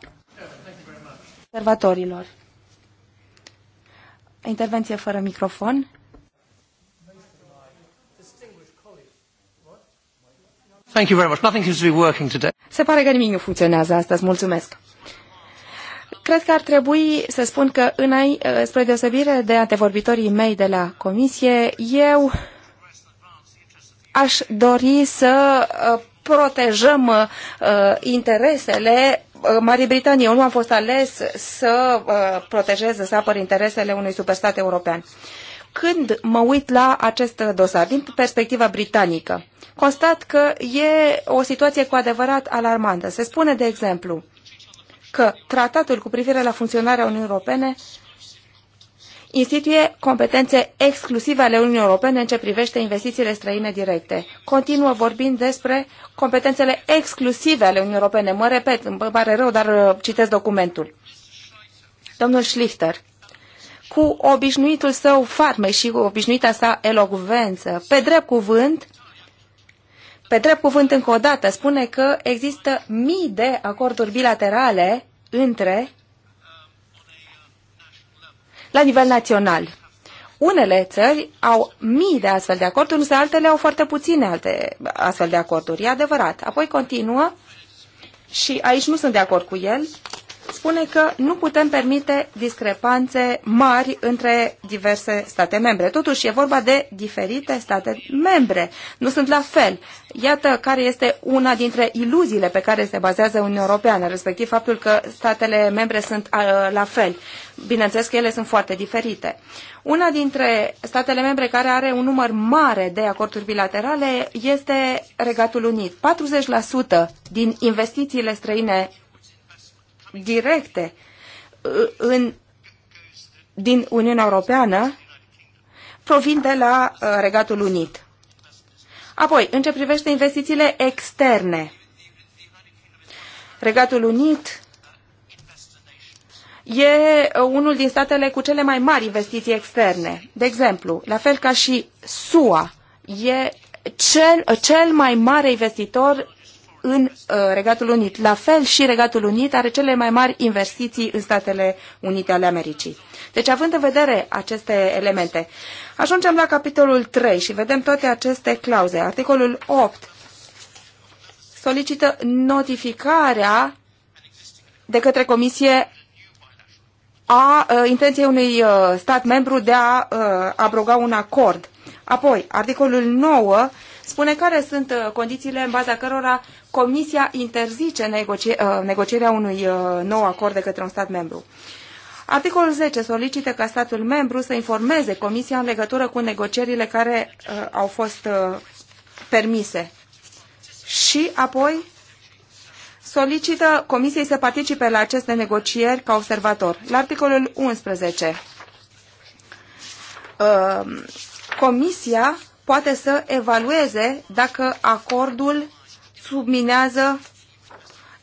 observatorilor. Intervenție fără microfon. Thank you very much. Nothing seems to be working today. Se pare că nimic nu funcționează astăzi. Mulțumesc. Cred că ar trebui să spun că, înai, ă, spre deosebire de antevorbitorii mei de la comisie, eu aș dori să ă, protejăm uh, interesele Marii Britanii. Eu nu am fost ales să uh, protejez, să apăr interesele unui superstat european. Uh, când mă uit la acest dosar din perspectiva britanică, constat că e o situație cu adevărat alarmantă. Se spune, de exemplu, că tratatul cu privire la funcționarea Uniunii Europene instituie competențe exclusive ale Uniunii Europene în ce privește investițiile străine directe. Continuă vorbind despre competențele exclusive ale Uniunii Europene. Mă repet, îmi pare rău, dar uh, citesc documentul. Domnul Schlichter cu obișnuitul său farme și cu obișnuita sa elogvență. Pe drept cuvânt, pe drept cuvânt încă o dată, spune că există mii de acorduri bilaterale între la nivel național. Unele țări au mii de astfel de acorduri, însă altele au foarte puține alte astfel de acorduri. E adevărat. Apoi continuă și aici nu sunt de acord cu el spune că nu putem permite discrepanțe mari între diverse state membre. Totuși, e vorba de diferite state membre. Nu sunt la fel. Iată care este una dintre iluziile pe care se bazează Uniunea Europeană, respectiv faptul că statele membre sunt uh, la fel. Bineînțeles că ele sunt foarte diferite. Una dintre statele membre care are un număr mare de acorduri bilaterale este Regatul Unit. 40% din investițiile străine directe uh, în, din Uniunea Europeană provin de la uh, Regatul Unit. Apoi, în ce privește investițiile externe, Regatul Unit e unul din statele cu cele mai mari investiții externe. De exemplu, la fel ca și SUA, e cel, cel mai mare investitor în uh, Regatul Unit. La fel și Regatul Unit are cele mai mari investiții în Statele Unite ale Americii. Deci, având în vedere aceste elemente, ajungem la capitolul 3 și vedem toate aceste clauze. Articolul 8 solicită notificarea de către Comisie a uh, intenției unui uh, stat membru de a uh, abroga un acord. Apoi, articolul 9 spune care sunt uh, condițiile în baza cărora Comisia interzice uh, negocierea unui uh, nou acord de către un stat membru. Articolul 10 solicită ca statul membru să informeze Comisia în legătură cu negocierile care uh, au fost uh, permise și apoi solicită Comisiei să participe la aceste negocieri ca observator. La articolul 11, uh, Comisia poate să evalueze dacă acordul subminează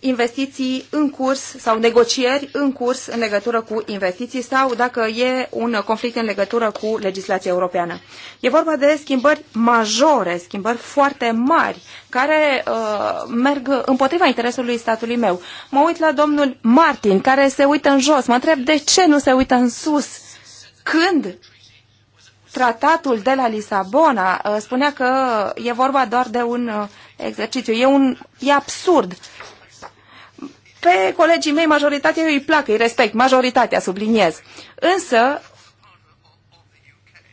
investiții în curs sau negocieri în curs în legătură cu investiții sau dacă e un conflict în legătură cu legislația europeană. E vorba de schimbări majore, schimbări foarte mari, care uh, merg împotriva interesului statului meu. Mă uit la domnul Martin, care se uită în jos, mă întreb de ce nu se uită în sus. Când tratatul de la Lisabona uh, spunea că e vorba doar de un uh, exercițiu. E, un, e absurd. Pe colegii mei, majoritatea îi plac, îi respect, majoritatea, subliniez. Însă,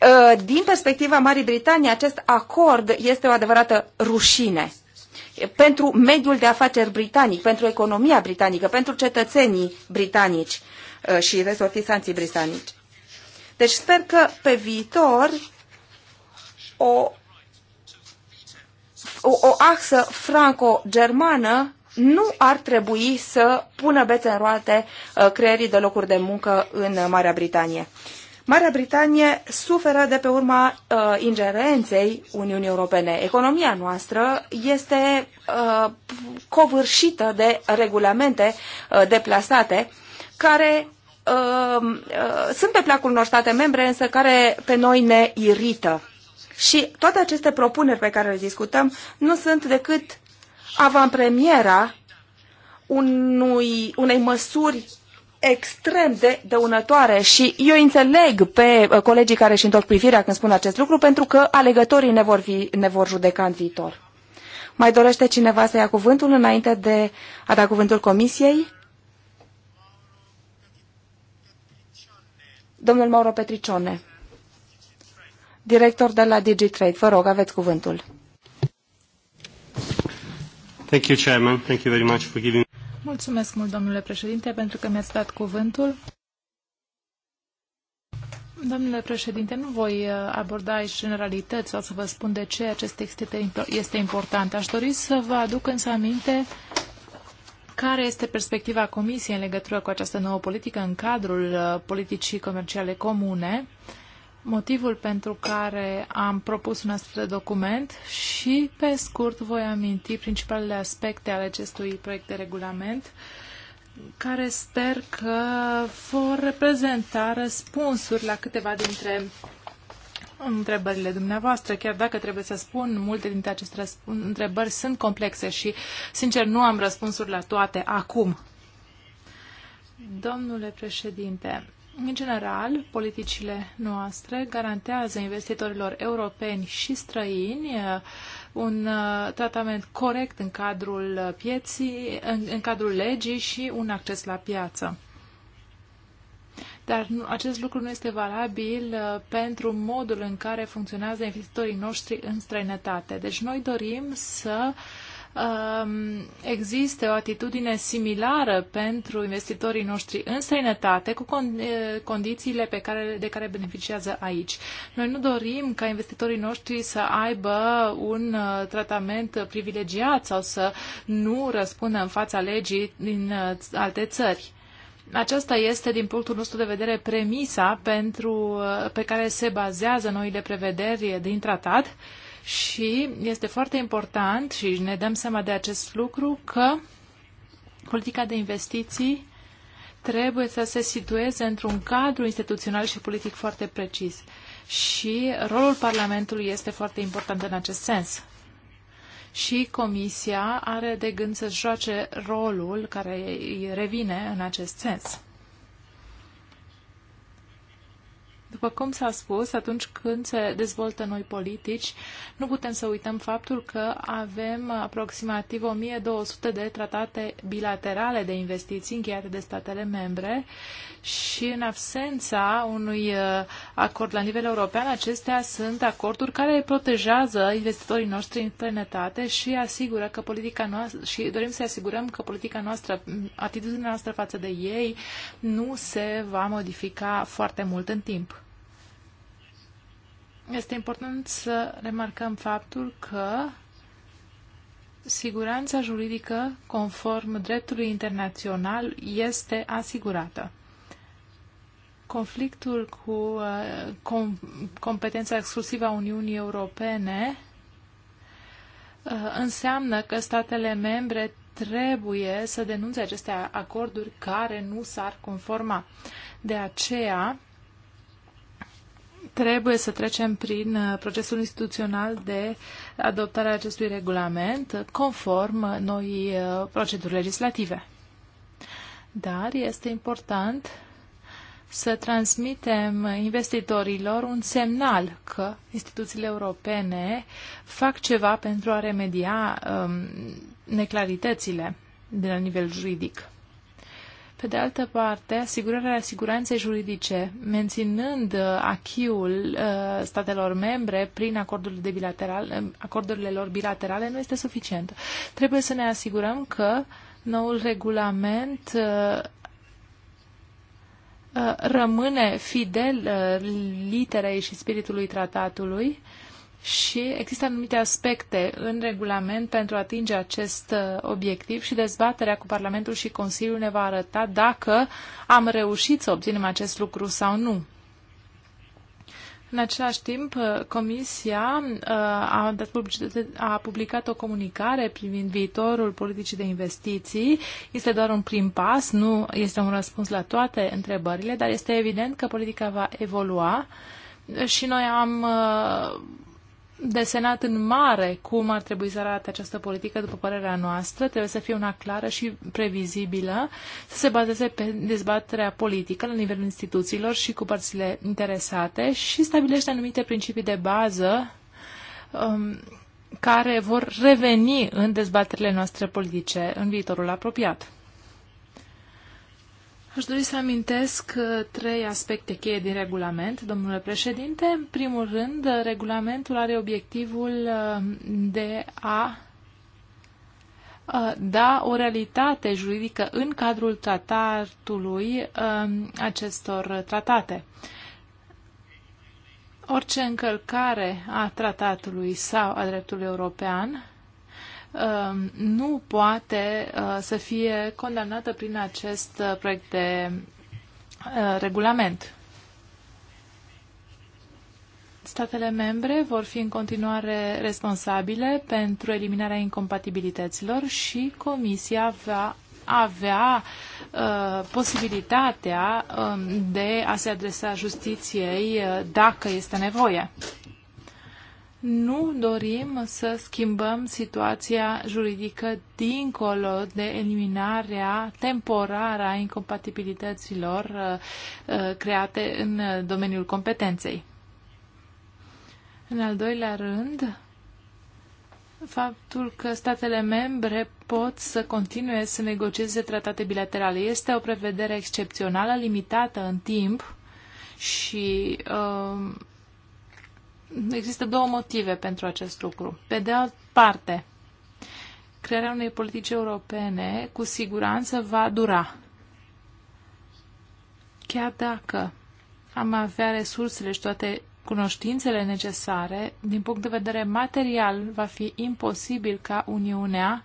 uh, din perspectiva Marii Britanii, acest acord este o adevărată rușine pentru mediul de afaceri britanic, pentru economia britanică, pentru cetățenii britanici și resortisanții britanici. Deci sper că pe viitor o, o, o axă franco-germană nu ar trebui să pună bețe în roate uh, creierii de locuri de muncă în Marea Britanie. Marea Britanie suferă de pe urma uh, ingerenței Uniunii Europene. Economia noastră este uh, covârșită de regulamente uh, deplasate care Uh, uh, sunt pe placul unor state membre, însă care pe noi ne irită. Și toate aceste propuneri pe care le discutăm nu sunt decât avantpremiera unui, unei măsuri extrem de dăunătoare și eu înțeleg pe uh, colegii care își întorc privirea când spun acest lucru pentru că alegătorii ne vor, fi, ne vor judeca în viitor. Mai dorește cineva să ia cuvântul înainte de a da cuvântul comisiei? Domnul Mauro Petricione, director de la DigiTrade, vă rog, aveți cuvântul. Thank you, Chairman. Thank you very much for giving... Mulțumesc mult, domnule președinte, pentru că mi-ați dat cuvântul. Domnule președinte, nu voi uh, aborda aici generalități sau să vă spun de ce acest text este important. Aș dori să vă aduc însă aminte uh, care este perspectiva Comisiei în legătură cu această nouă politică în cadrul uh, politicii comerciale comune? motivul pentru care am propus un astfel de document și, pe scurt, voi aminti principalele aspecte ale acestui proiect de regulament, care sper că vor reprezenta răspunsuri la câteva dintre întrebările dumneavoastră, chiar dacă trebuie să spun, multe dintre aceste întrebări sunt complexe și, sincer, nu am răspunsuri la toate acum. Domnule președinte, în general, politicile noastre garantează investitorilor europeni și străini uh, un uh, tratament corect în cadrul pieții, în, în cadrul legii și un acces la piață. Dar nu, acest lucru nu este valabil uh, pentru modul în care funcționează investitorii noștri în străinătate. Deci noi dorim să um, existe o atitudine similară pentru investitorii noștri în străinătate cu con- uh, condițiile pe care, de care beneficiază aici. Noi nu dorim ca investitorii noștri să aibă un uh, tratament privilegiat sau să nu răspundă în fața legii din uh, alte țări. Aceasta este, din punctul nostru de vedere, premisa pentru, pe care se bazează noile prevederi din tratat și este foarte important și ne dăm seama de acest lucru că politica de investiții trebuie să se situeze într-un cadru instituțional și politic foarte precis. Și rolul Parlamentului este foarte important în acest sens și Comisia are de gând să joace rolul care îi revine în acest sens. După cum s-a spus, atunci când se dezvoltă noi politici, nu putem să uităm faptul că avem aproximativ 1200 de tratate bilaterale de investiții încheiate de statele membre și în absența unui uh, acord la nivel european, acestea sunt acorduri care protejează investitorii noștri în plenătate și asigură că politica noastră și dorim să asigurăm că politica noastră, atitudinea noastră față de ei nu se va modifica foarte mult în timp este important să remarcăm faptul că siguranța juridică, conform dreptului internațional, este asigurată. Conflictul cu uh, com, competența exclusivă a Uniunii Europene uh, înseamnă că statele membre trebuie să denunțe aceste acorduri care nu s-ar conforma. De aceea, trebuie să trecem prin uh, procesul instituțional de adoptare a acestui regulament uh, conform noii uh, proceduri legislative. Dar este important să transmitem investitorilor un semnal că instituțiile europene fac ceva pentru a remedia um, neclaritățile de la nivel juridic. Pe de altă parte, asigurarea siguranței juridice, menținând uh, achiul uh, statelor membre prin acordurile, de bilateral, uh, acordurile lor bilaterale, nu este suficientă. Trebuie să ne asigurăm că noul regulament rămâne fidel literei și spiritului tratatului și există anumite aspecte în regulament pentru a atinge acest uh, obiectiv și dezbaterea cu Parlamentul și Consiliul ne va arăta dacă am reușit să obținem acest lucru sau nu. În același timp, uh, Comisia uh, a publicat o comunicare privind viitorul politicii de investiții. Este doar un prim pas, nu este un răspuns la toate întrebările, dar este evident că politica va evolua și noi am desenat în mare cum ar trebui să arate această politică, după părerea noastră. Trebuie să fie una clară și previzibilă, să se bazeze pe dezbaterea politică la nivelul instituțiilor și cu părțile interesate și stabilește anumite principii de bază um, care vor reveni în dezbaterile noastre politice în viitorul apropiat. Aș dori să amintesc uh, trei aspecte cheie din regulament, domnule președinte. În primul rând, uh, regulamentul are obiectivul uh, de a da o realitate juridică în cadrul tratatului um, acestor tratate. Orice încălcare a tratatului sau a dreptului european Um, nu poate uh, să fie condamnată prin acest uh, proiect de uh, regulament. Statele membre vor fi în continuare responsabile pentru eliminarea incompatibilităților și Comisia va avea uh, posibilitatea uh, de a se adresa justiției uh, dacă este nevoie nu dorim să schimbăm situația juridică dincolo de eliminarea temporară a incompatibilităților uh, uh, create în domeniul competenței. În al doilea rând, faptul că statele membre pot să continue să negocieze tratate bilaterale este o prevedere excepțională, limitată în timp și uh, Există două motive pentru acest lucru. Pe de altă parte, crearea unei politici europene cu siguranță va dura. Chiar dacă am avea resursele și toate cunoștințele necesare, din punct de vedere material, va fi imposibil ca Uniunea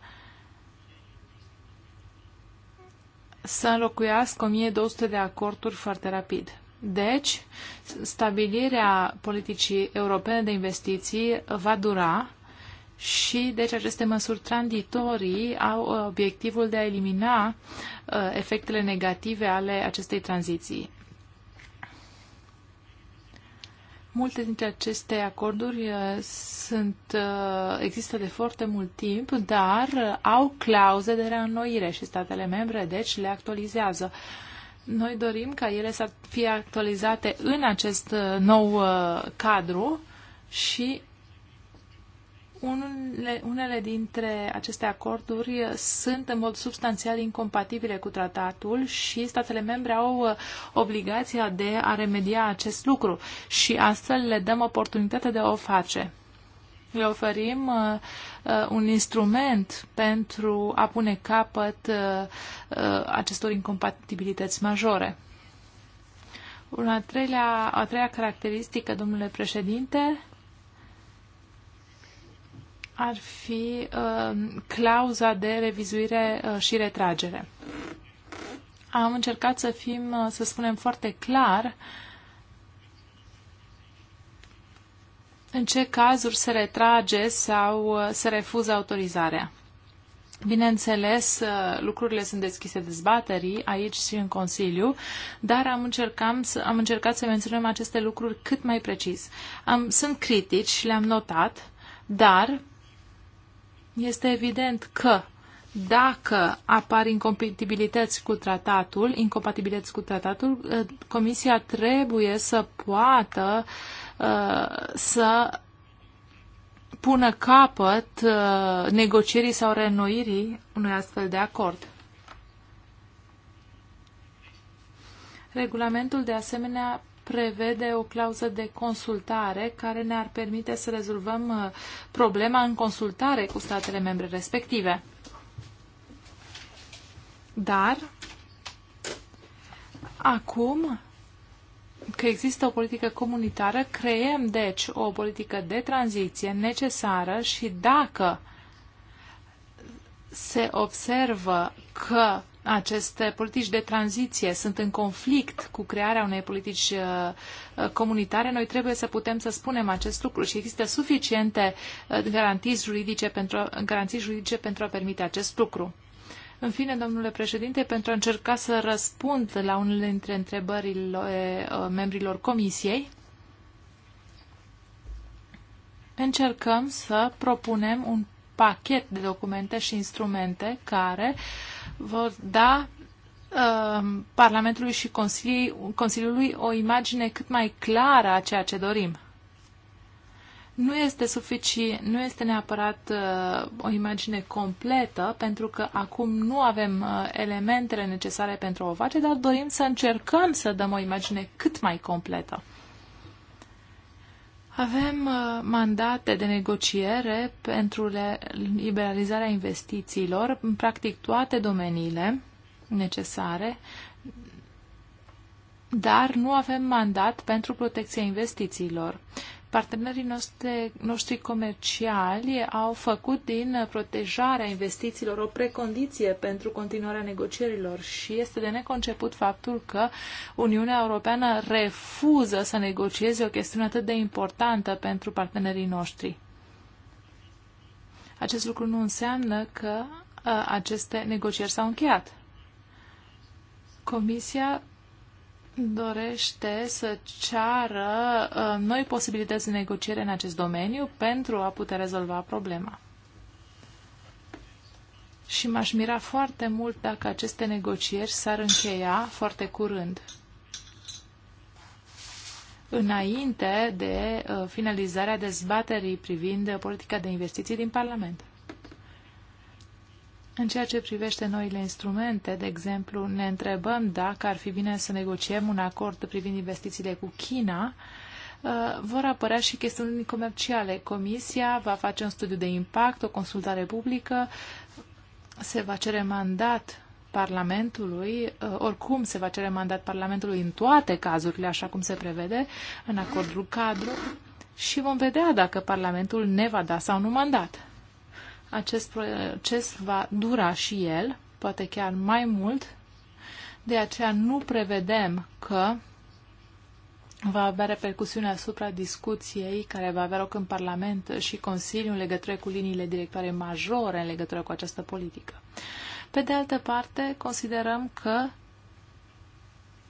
să înlocuiască 1200 de acorduri foarte rapid. Deci, stabilirea politicii europene de investiții va dura și, deci, aceste măsuri tranditorii au uh, obiectivul de a elimina uh, efectele negative ale acestei tranziții. Multe dintre aceste acorduri uh, sunt, există de foarte mult timp, dar au clauze de reînnoire și statele membre, deci, le actualizează. Uh, noi dorim ca ele să fie actualizate în acest uh, nou uh, cadru și unele, unele dintre aceste acorduri uh, sunt în mod substanțial incompatibile cu tratatul și statele membre au obligația de a remedia acest lucru și astfel le dăm oportunitatea de a o face le oferim uh, uh, un instrument pentru a pune capăt uh, uh acestor incompatibilități majore. Una a treilea, a treia caracteristică, domnule președinte, ar fi uh, clauza de revizuire uh, și retragere. Am încercat să fim, uh, să spunem foarte clar, uh, în ce cazuri se retrage sau uh, se refuză autorizarea. Bineînțeles, uh, lucrurile sunt deschise dezbaterii aici și în Consiliu, dar am încercat, să, am încercat să menționăm aceste lucruri cât mai precis. Am, sunt critici, le-am notat, dar este evident că dacă apar incompatibilități cu tratatul, incompatibilități cu tratatul, uh, Comisia trebuie să poată uh, Uh, să pună capăt uh, negocierii sau reînnoirii unui astfel de acord. Regulamentul de asemenea prevede o clauză de consultare care ne-ar permite să rezolvăm uh, problema în consultare cu statele membre respective. Dar acum că există o politică comunitară, creăm deci o politică de tranziție necesară și dacă se observă că aceste politici de tranziție sunt în conflict cu crearea unei politici uh, uh, comunitare, noi trebuie să putem să spunem acest lucru și există suficiente uh, garanții juridice pentru, garanții juridice pentru a permite acest lucru. În fine, domnule președinte, pentru a încerca să răspund la unele dintre întrebările eh, membrilor comisiei, încercăm să propunem un pachet de documente și instrumente care vor da ehm, Parlamentului și Consiliului o imagine cât mai clară a ceea ce dorim nu este suficient, nu este neapărat uh, o imagine completă, pentru că acum nu avem uh, elementele necesare pentru a o face, dar dorim să încercăm să dăm o imagine cât mai completă. Avem uh, mandate de negociere pentru liberalizarea investițiilor în practic toate domeniile necesare, dar nu avem mandat pentru protecția investițiilor. Partenerii noștri, noștri comerciali au făcut din protejarea investițiilor o precondiție pentru continuarea negocierilor și este de neconceput faptul că Uniunea Europeană refuză să negocieze o chestiune atât de importantă pentru partenerii noștri. Acest lucru nu înseamnă că aceste negocieri s-au încheiat. Comisia dorește să ceară uh, noi posibilități de negociere în acest domeniu pentru a putea rezolva problema. Și m-aș mira foarte mult dacă aceste negocieri s-ar încheia foarte curând, înainte de uh, finalizarea dezbaterii privind politica de investiții din Parlament. În ceea ce privește noile instrumente, de exemplu, ne întrebăm dacă ar fi bine să negociem un acord privind investițiile cu China, uh, vor apărea și chestiuni comerciale. Comisia va face un studiu de impact, o consultare publică, se va cere mandat Parlamentului, uh, oricum se va cere mandat Parlamentului în toate cazurile, așa cum se prevede, în acordul cadru, și vom vedea dacă Parlamentul ne va da sau nu mandat. Acest proces va dura și el, poate chiar mai mult, de aceea nu prevedem că va avea repercusiune asupra discuției care va avea loc în Parlament și Consiliu în legătură cu liniile directoare majore în legătură cu această politică. Pe de altă parte, considerăm că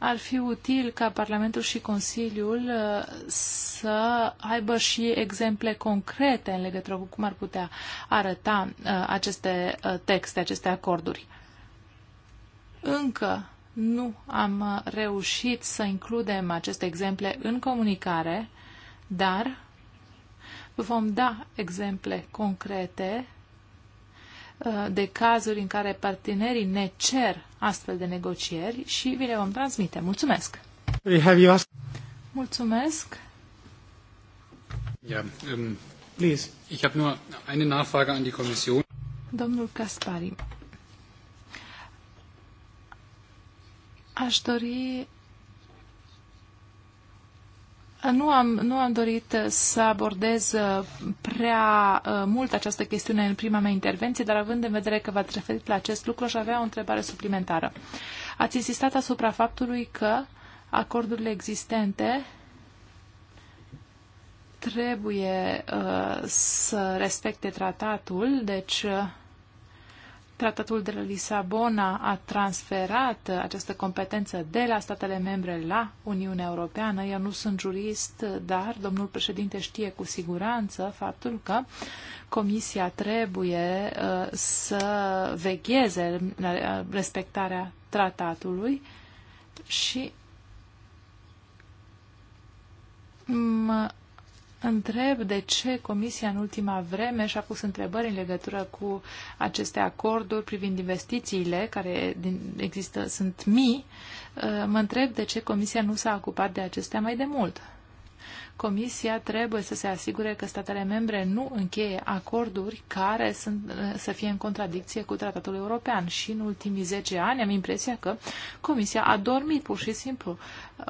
ar fi util ca Parlamentul și Consiliul uh, să aibă și exemple concrete în legătură cu cum ar putea arăta uh, aceste uh, texte, aceste acorduri. Încă nu am reușit să includem aceste exemple în comunicare, dar vom da exemple concrete Uh, de cazuri în care partenerii ne cer astfel de negocieri și vi le vom transmite. Mulțumesc! Mulțumesc! Ja, um, please. Ich habe nur eine Nachfrage an die Kommission. Domnul Caspari, aș dori nu am, nu am dorit uh, să abordez uh, prea uh, mult această chestiune în prima mea intervenție, dar având în vedere că v-ați referit la acest lucru, aș avea o întrebare suplimentară. Ați insistat asupra faptului că acordurile existente trebuie uh, să respecte tratatul, deci uh, Tratatul de la Lisabona a transferat această competență de la statele membre la Uniunea Europeană. Eu nu sunt jurist, dar domnul președinte știe cu siguranță faptul că Comisia trebuie uh, să vegheze uh, respectarea tratatului și mă întreb de ce Comisia în ultima vreme și-a pus întrebări în legătură cu aceste acorduri privind investițiile, care există, sunt mii. Uh, mă întreb de ce Comisia nu s-a ocupat de acestea mai de mult. Comisia trebuie să se asigure că statele membre nu încheie acorduri care sunt, uh, să fie în contradicție cu tratatul european. Și în ultimii 10 ani am impresia că Comisia a dormit pur și simplu.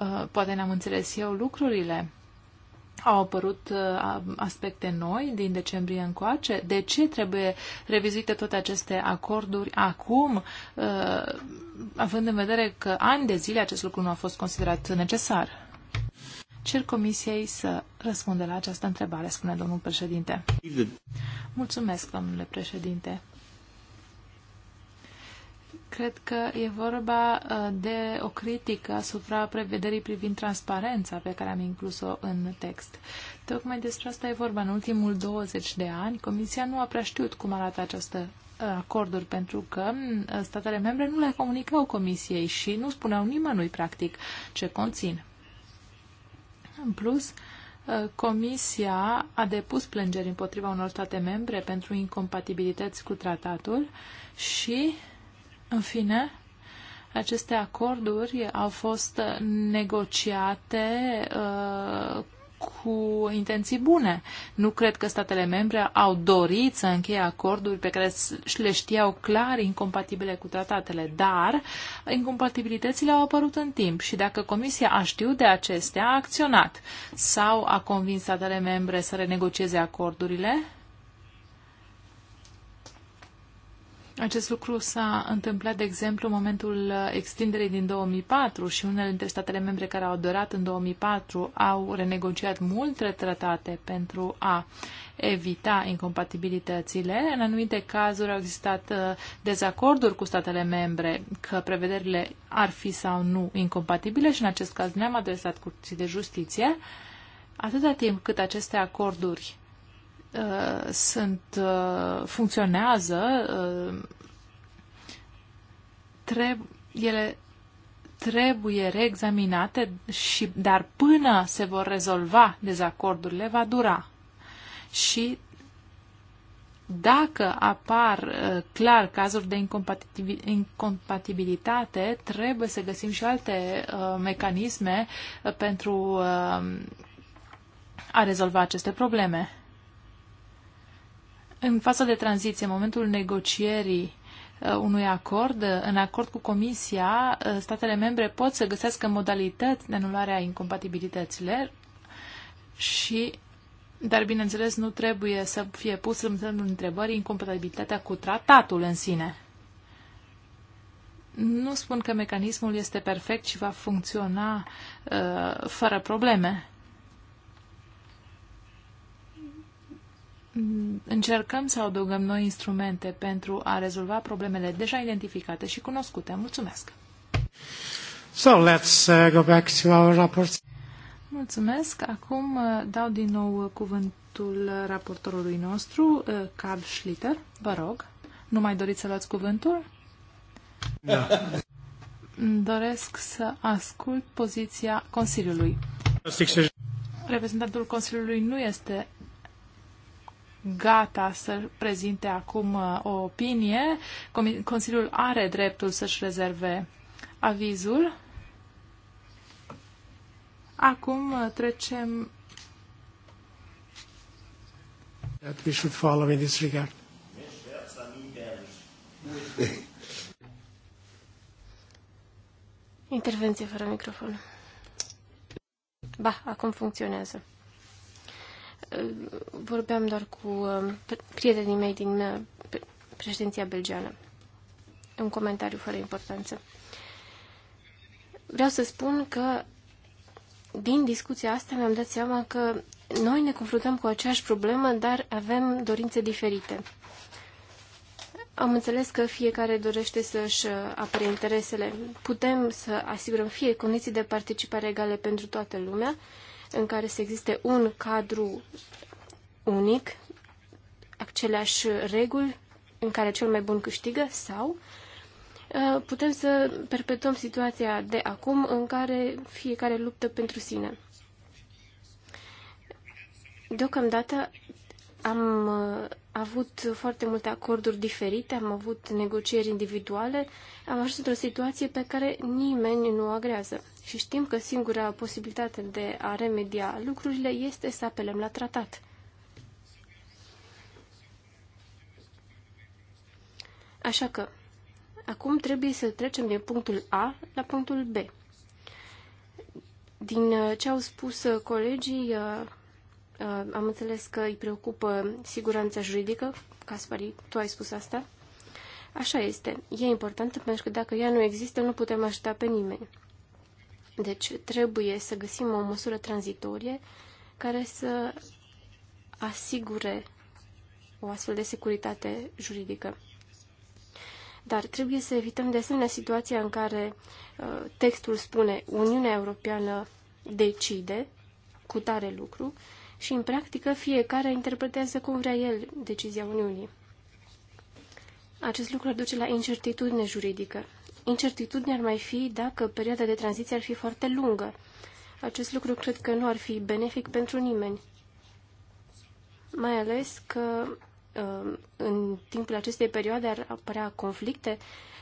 Uh, poate n-am înțeles eu lucrurile au apărut uh, aspecte noi din decembrie încoace? De ce trebuie revizuite toate aceste acorduri acum, uh, având în vedere că ani de zile acest lucru nu a fost considerat necesar? Cer comisiei să răspundă la această întrebare, spune domnul președinte. Mulțumesc, domnule președinte. Cred că e vorba uh, de o critică asupra prevederii privind transparența pe care am inclus-o în text. Tocmai despre asta e vorba. În ultimul 20 de ani, Comisia nu a prea știut cum arată această uh, acorduri pentru că uh, statele membre nu le comunicau Comisiei și nu spuneau nimănui, practic, ce conțin. În plus, Comisia a depus plângeri împotriva unor state membre pentru incompatibilități cu tratatul și uh, în fine, aceste acorduri au fost negociate uh, cu intenții bune. Nu cred că statele membre au dorit să încheie acorduri pe care le știau clar incompatibile cu tratatele, dar incompatibilitățile au apărut în timp și dacă Comisia a știut de acestea, a acționat sau a convins statele membre să renegocieze acordurile Acest lucru s-a întâmplat, de exemplu, în momentul extinderii din 2004 și unele dintre statele membre care au adorat în 2004 au renegociat multe tratate pentru a evita incompatibilitățile. În anumite cazuri au existat uh, dezacorduri cu statele membre că prevederile ar fi sau nu incompatibile și în acest caz ne-am adresat Curții de Justiție. Atâta timp cât aceste acorduri Uh, sunt, uh, funcționează, uh, trebuie, ele trebuie reexaminate, și, dar până se vor rezolva dezacordurile, va dura. Și dacă apar uh, clar cazuri de incompatibilitate, trebuie să găsim și alte uh, mecanisme uh, pentru uh, a rezolva aceste probleme. În fața de tranziție, în momentul negocierii uh, unui acord, uh, în acord cu Comisia, uh, statele membre pot să găsească modalități de anulare a incompatibilităților și dar, bineînțeles, nu trebuie să fie pus în semnul întrebării incompatibilitatea cu tratatul în sine. Nu spun că mecanismul este perfect și va funcționa uh, fără probleme. încercăm să adăugăm noi instrumente pentru a rezolva problemele deja identificate și cunoscute. Mulțumesc! So let's uh, go back to our rapport. Mulțumesc. Acum uh, dau din nou cuvântul raportorului nostru, uh, Carl Schlitter. Vă rog, nu mai doriți să luați cuvântul? Da. Doresc să ascult poziția Consiliului. Reprezentantul Consiliului nu este gata să prezinte acum uh, o opinie. Consiliul are dreptul să-și rezerve avizul. Acum uh, trecem that we should follow in this regard. Intervenție fără microfon. Ba, acum funcționează. Uh, vorbeam doar cu um, prietenii mei din uh, președinția belgeană. Un comentariu fără importanță. Vreau să spun că din discuția asta mi-am dat seama că noi ne confruntăm cu aceeași problemă, dar avem dorințe diferite. Am înțeles că fiecare dorește să-și uh, apere interesele. Putem să asigurăm fie condiții de participare egale pentru toată lumea, în care să existe un cadru unic, aceleași reguli în care cel mai bun câștigă sau uh, putem să perpetuăm situația de acum în care fiecare luptă pentru sine. Deocamdată am uh, avut foarte multe acorduri diferite, am avut negocieri individuale, am ajuns într-o situație pe care nimeni nu o agrează și știm că singura posibilitate de a remedia lucrurile este să apelăm la tratat. Așa că, acum trebuie să trecem din punctul A la punctul B. Din uh, ce au spus uh, colegii, uh, am înțeles că îi preocupă siguranța juridică. Caspari, tu ai spus asta? Așa este. E importantă pentru că dacă ea nu există, nu putem ajuta pe nimeni. Deci trebuie să găsim o măsură tranzitorie care să asigure o astfel de securitate juridică. Dar trebuie să evităm de asemenea situația în care uh, textul spune Uniunea Europeană decide cu tare lucru și în practică fiecare interpretează cum vrea el decizia Uniunii. Acest lucru duce la incertitudine juridică incertitudine ar mai fi dacă perioada de tranziție ar fi foarte lungă. Acest lucru cred că nu ar fi benefic pentru nimeni. Mai ales că uh, în timpul acestei perioade ar apărea conflicte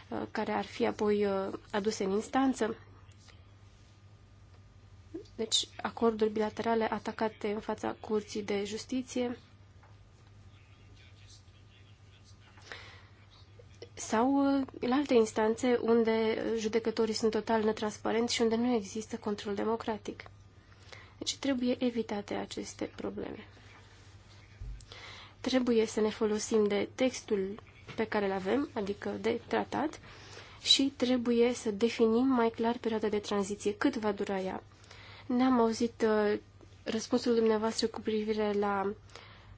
uh, care ar fi apoi uh, aduse în instanță. Deci acorduri bilaterale atacate în fața curții de justiție sau uh, la alte instanțe unde judecătorii sunt total netransparenți și unde nu există control democratic. Deci trebuie evitate aceste probleme. Trebuie să ne folosim de textul pe care îl avem, adică de tratat, și trebuie să definim mai clar perioada de tranziție, cât va dura ea. Ne-am auzit uh, răspunsul dumneavoastră cu privire la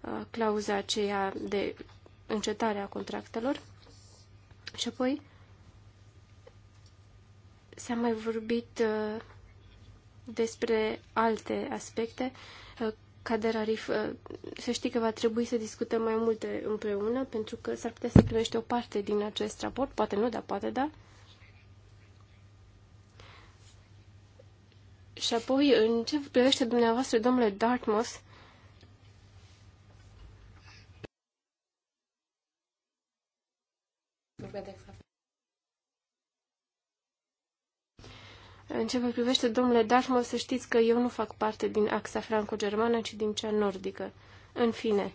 uh, clauza aceea de încetare a contractelor. Și apoi s-a mai vorbit uh, despre alte aspecte. Uh, Cader Arif, uh, să știi că va trebui să discutăm mai multe împreună, pentru că s-ar putea să primește o parte din acest raport, poate nu, dar poate da. Și apoi, în ce privește dumneavoastră, domnule Dartmouth, de fapt. Exact. În ce vă privește, domnule Dartmouth, să știți că eu nu fac parte din axa franco-germană, ci din cea nordică. În fine.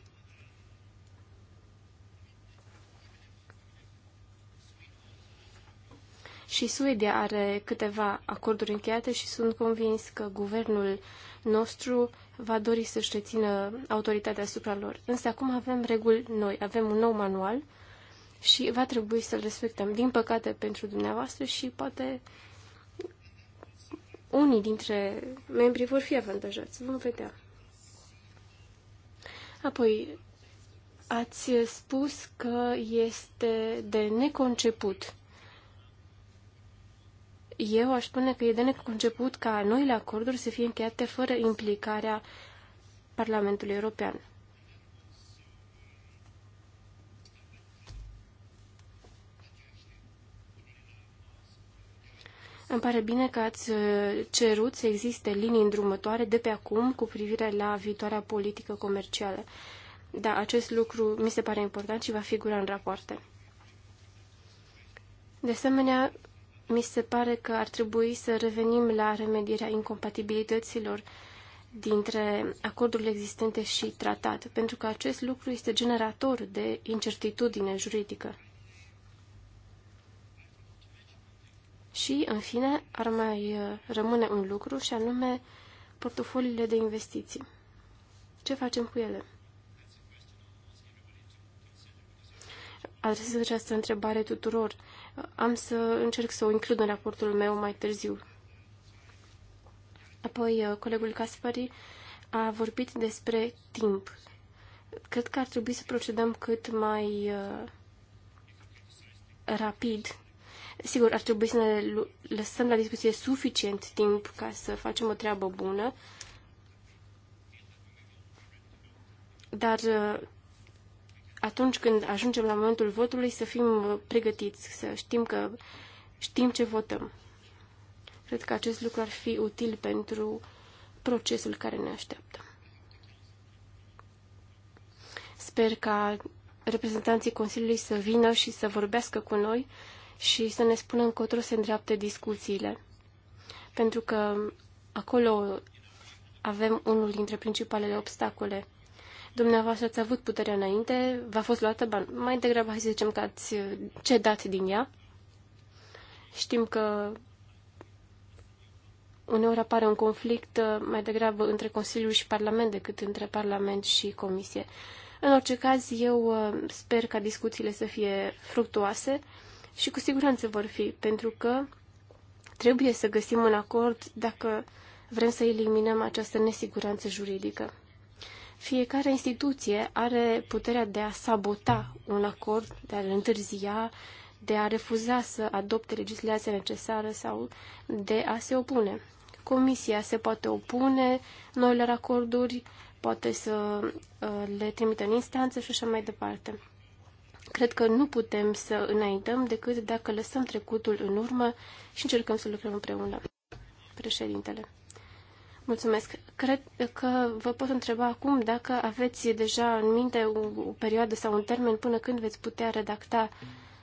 Și Suedia are câteva acorduri încheiate și sunt convins că guvernul nostru va dori să-și rețină autoritatea asupra lor. Însă acum avem reguli noi, avem un nou manual și va trebui să-l respectăm. Din păcate pentru dumneavoastră și poate unii dintre membrii vor fi avantajați. Vom vedea. Apoi, ați spus că este de neconceput. Eu aș spune că e de neconceput ca noile acorduri să fie încheiate fără implicarea Parlamentului European. Îmi pare bine că ați uh, cerut să existe linii îndrumătoare de pe acum cu privire la viitoarea politică comercială. Da, acest lucru mi se pare important și va figura în rapoarte. De asemenea, mi se pare că ar trebui să revenim la remedierea incompatibilităților dintre acordurile existente și tratat, pentru că acest lucru este generator de incertitudine juridică. Și, în fine, ar mai uh, rămâne un lucru și anume portofoliile de investiții. Ce facem cu ele? Adresez această întrebare tuturor. Uh, am să încerc să o includ în raportul meu mai târziu. Apoi, uh, colegul Caspari a vorbit despre timp. Cred că ar trebui să procedăm cât mai rapid Sigur, ar trebui să ne lăsăm la discuție suficient timp ca să facem o treabă bună, dar uh, atunci când ajungem la momentul votului să fim uh, pregătiți, să știm că știm ce votăm. Cred că acest lucru ar fi util pentru procesul care ne așteaptă. Sper ca reprezentanții Consiliului să vină și să vorbească cu noi și să ne spună încotro se îndreaptă discuțiile. Pentru că acolo avem unul dintre principalele obstacole. Dumneavoastră ați avut puterea înainte, v-a fost luată bani. Mai degrabă, hai să zicem că ați cedat din ea. Știm că uneori apare un conflict mai degrabă între Consiliu și Parlament decât între Parlament și Comisie. În orice caz, eu uh, sper ca discuțiile să fie fructuoase și cu siguranță vor fi, pentru că trebuie să găsim un acord dacă vrem să eliminăm această nesiguranță juridică. Fiecare instituție are puterea de a sabota un acord, de a-l întârzia, de a refuza să adopte legislația necesară sau de a se opune. Comisia se poate opune noilor acorduri, poate să uh, le trimită în instanță și așa mai departe. Cred că nu putem să înaintăm decât dacă lăsăm trecutul în urmă și încercăm să lucrăm împreună. Președintele. Mulțumesc. Cred că vă pot întreba acum dacă aveți deja în minte o, o perioadă sau un termen până când veți putea redacta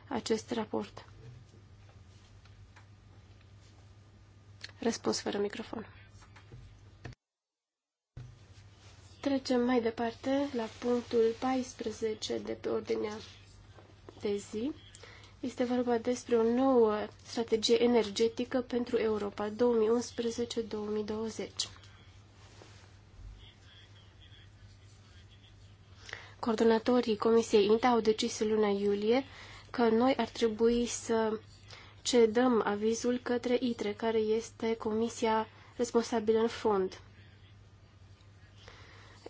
acest raport. Răspuns fără microfon. Trecem mai departe la punctul 14 de pe ordinea de zi. Este vorba despre o nouă strategie energetică pentru Europa 2011-2020. Coordonatorii Comisiei INTA au decis în luna iulie că noi ar trebui să cedăm avizul către ITRE, care este comisia responsabilă în fond.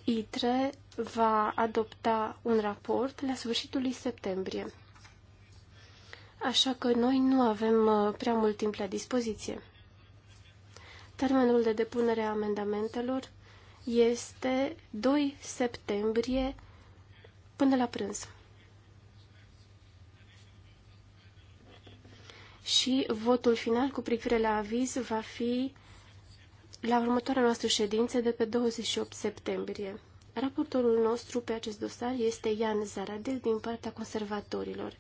ITRE va adopta un raport la sfârșitul lui septembrie așa că noi nu avem uh, prea mult timp la dispoziție. Termenul de depunere a amendamentelor este 2 septembrie până la prânz. Și votul final cu privire la aviz va fi la următoarea noastră ședință de pe 28 septembrie. Raportorul nostru pe acest dosar este Ian Zaradel din partea conservatorilor.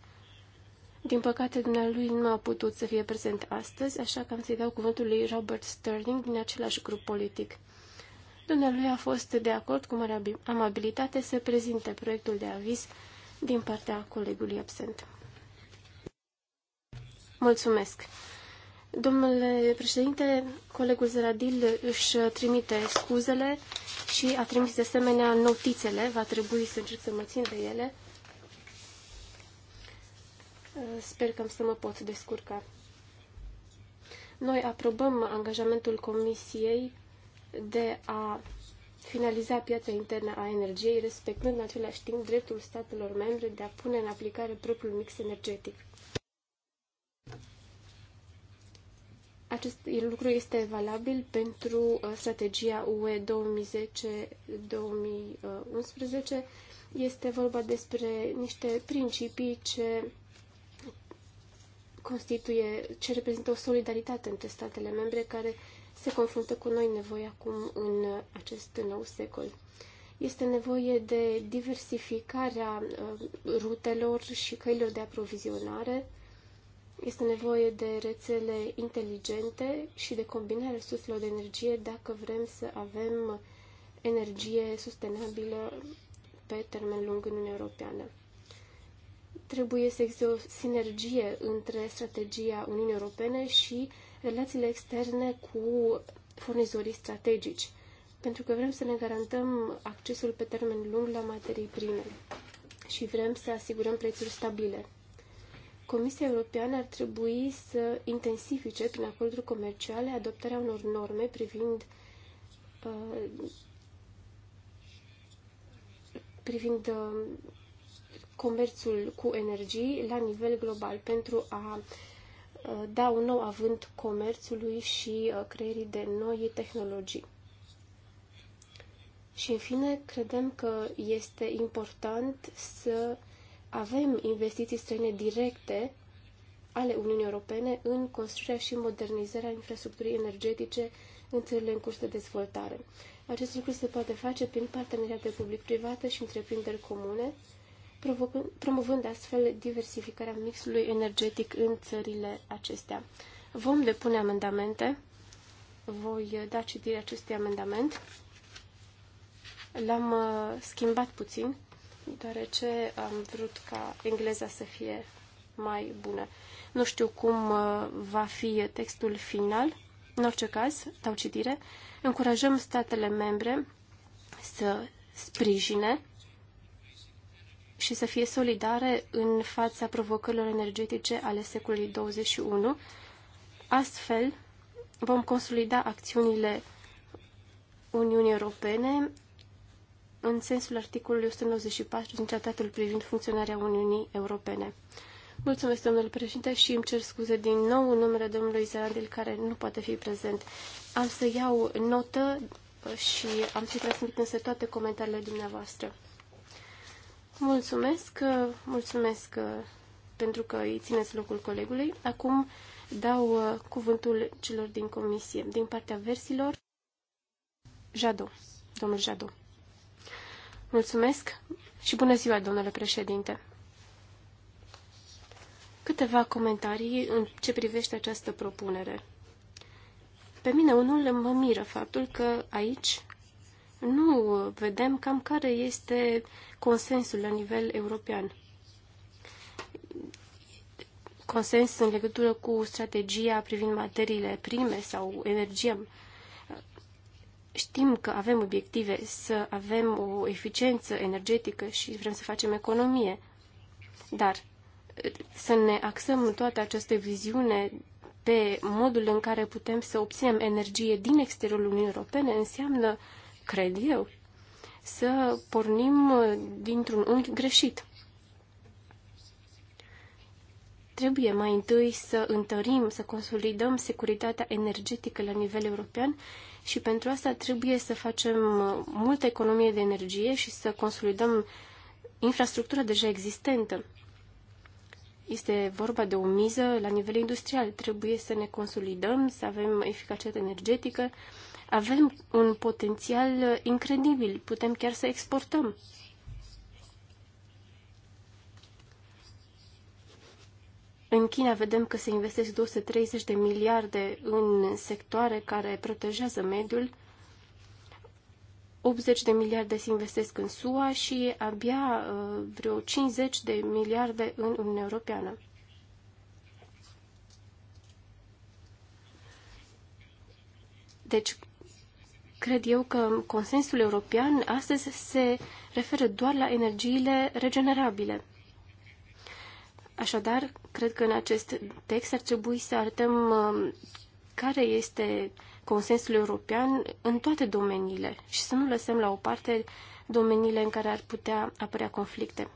Din păcate, dumnealui nu a putut să fie prezent astăzi, așa că am să-i dau cuvântul lui Robert Sterling din același grup politic. Dumnealui a fost de acord cu mare amabilitate să prezinte proiectul de aviz din partea colegului absent. Mulțumesc! Domnule președinte, colegul Zeradil își trimite scuzele și a trimis de asemenea notițele. Va trebui să încerc să mă țin de ele. Sper că să mă pot descurca. Noi aprobăm angajamentul Comisiei de a finaliza piața internă a energiei, respectând în același timp dreptul statelor membre de a pune în aplicare propriul mix energetic. Acest lucru este valabil pentru uh, strategia UE 2010-2011. Uh, este vorba despre niște principii ce constituie, ce reprezintă o solidaritate între statele membre care se confruntă cu noi nevoi acum în acest nou secol. Este nevoie de diversificarea uh, rutelor și căilor de aprovizionare, este nevoie de rețele inteligente și de combinarea resurselor de energie dacă vrem să avem energie sustenabilă pe termen lung în Uniunea Europeană trebuie să existe o sinergie între strategia Uniunii Europene și relațiile externe cu furnizorii strategici, pentru că vrem să ne garantăm accesul pe termen lung la materii prime și vrem să asigurăm prețuri stabile. Comisia Europeană ar trebui să intensifice prin acorduri comerciale adoptarea unor norme privind uh, privind uh, comerțul cu energii la nivel global pentru a da un nou avânt comerțului și creierii de noi tehnologii. Și în fine, credem că este important să avem investiții străine directe ale Uniunii Europene în construirea și modernizarea infrastructurii energetice în țările în curs de dezvoltare. Acest lucru se poate face prin parteneriate public-private și întreprinderi comune, promovând astfel diversificarea mixului energetic în țările acestea. Vom depune amendamente. Voi uh, da citire acestui amendament. L-am uh, schimbat puțin, deoarece am vrut ca engleza să fie mai bună. Nu știu cum uh, va fi textul final. În orice caz, dau citire. Încurajăm statele membre să sprijine și să fie solidare în fața provocărilor energetice ale secolului 21. Astfel, vom consolida acțiunile Uniunii Europene în sensul articolului 194 din Tratatul privind funcționarea Uniunii Europene. Mulțumesc, domnule președinte, și îmi cer scuze din nou în numele domnului Zerandil, care nu poate fi prezent. Am să iau notă și am să transmit însă toate comentariile dumneavoastră. Mulțumesc, mulțumesc pentru că îi țineți locul colegului. Acum dau uh, cuvântul celor din comisie. Din partea versilor, Jado, domnul Jado. Mulțumesc și bună ziua, domnule președinte. Câteva comentarii în ce privește această propunere. Pe mine unul mă miră faptul că aici nu vedem cam care este consensul la nivel european. Consens în legătură cu strategia privind materiile prime sau energie. Știm că avem obiective să avem o eficiență energetică și vrem să facem economie, dar să ne axăm în toată această viziune pe modul în care putem să obținem energie din exteriorul Uniunii Europene înseamnă uh, cred eu, să pornim uh, dintr-un unghi greșit. Trebuie mai întâi să întărim, să consolidăm securitatea energetică la nivel european și pentru asta trebuie să facem uh, multă economie de energie și să consolidăm infrastructura deja existentă. Este vorba de o miză la nivel industrial. Trebuie să ne consolidăm, să avem eficacitate energetică, avem un potențial incredibil, putem chiar să exportăm. În China vedem că se investesc 230 de miliarde în sectoare care protejează mediul, 80 de miliarde se investesc în SUA și abia uh, vreo 50 de miliarde în Uniunea Europeană. Deci, cred eu că consensul european astăzi se referă doar la energiile regenerabile. Așadar, cred că în acest text ar trebui să arătăm um, care este consensul european în toate domeniile și să nu lăsăm la o parte domeniile în care ar putea apărea conflicte.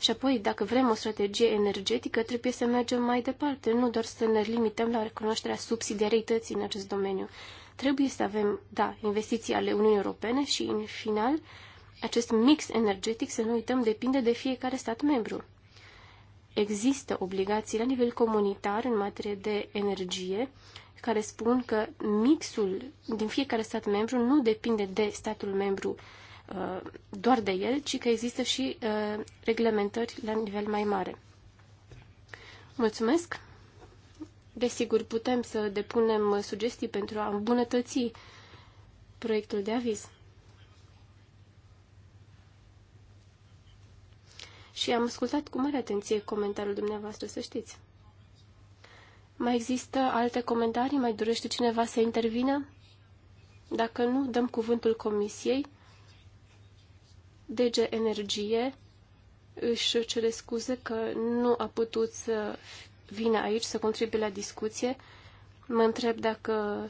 Și apoi, dacă vrem o strategie energetică, trebuie să mergem mai departe, nu doar să ne limităm la recunoașterea subsidiarității în acest domeniu. Trebuie să avem, da, investiții ale Uniunii Europene și, în final, acest mix energetic, să nu uităm, depinde de fiecare stat membru. Există obligații la nivel comunitar în materie de energie care spun că mixul din fiecare stat membru nu depinde de statul membru uh, doar de el, ci că există și uh, reglementări la nivel mai mare. Mulțumesc! Desigur, putem să depunem sugestii pentru a îmbunătăți proiectul de aviz. Și am ascultat cu mare atenție comentariul dumneavoastră, să știți. Mai există alte comentarii? Mai dorește cineva să intervină? Dacă nu, dăm cuvântul comisiei. DG Energie își cere scuze că nu a putut să vine aici să contribuie la discuție. Mă întreb dacă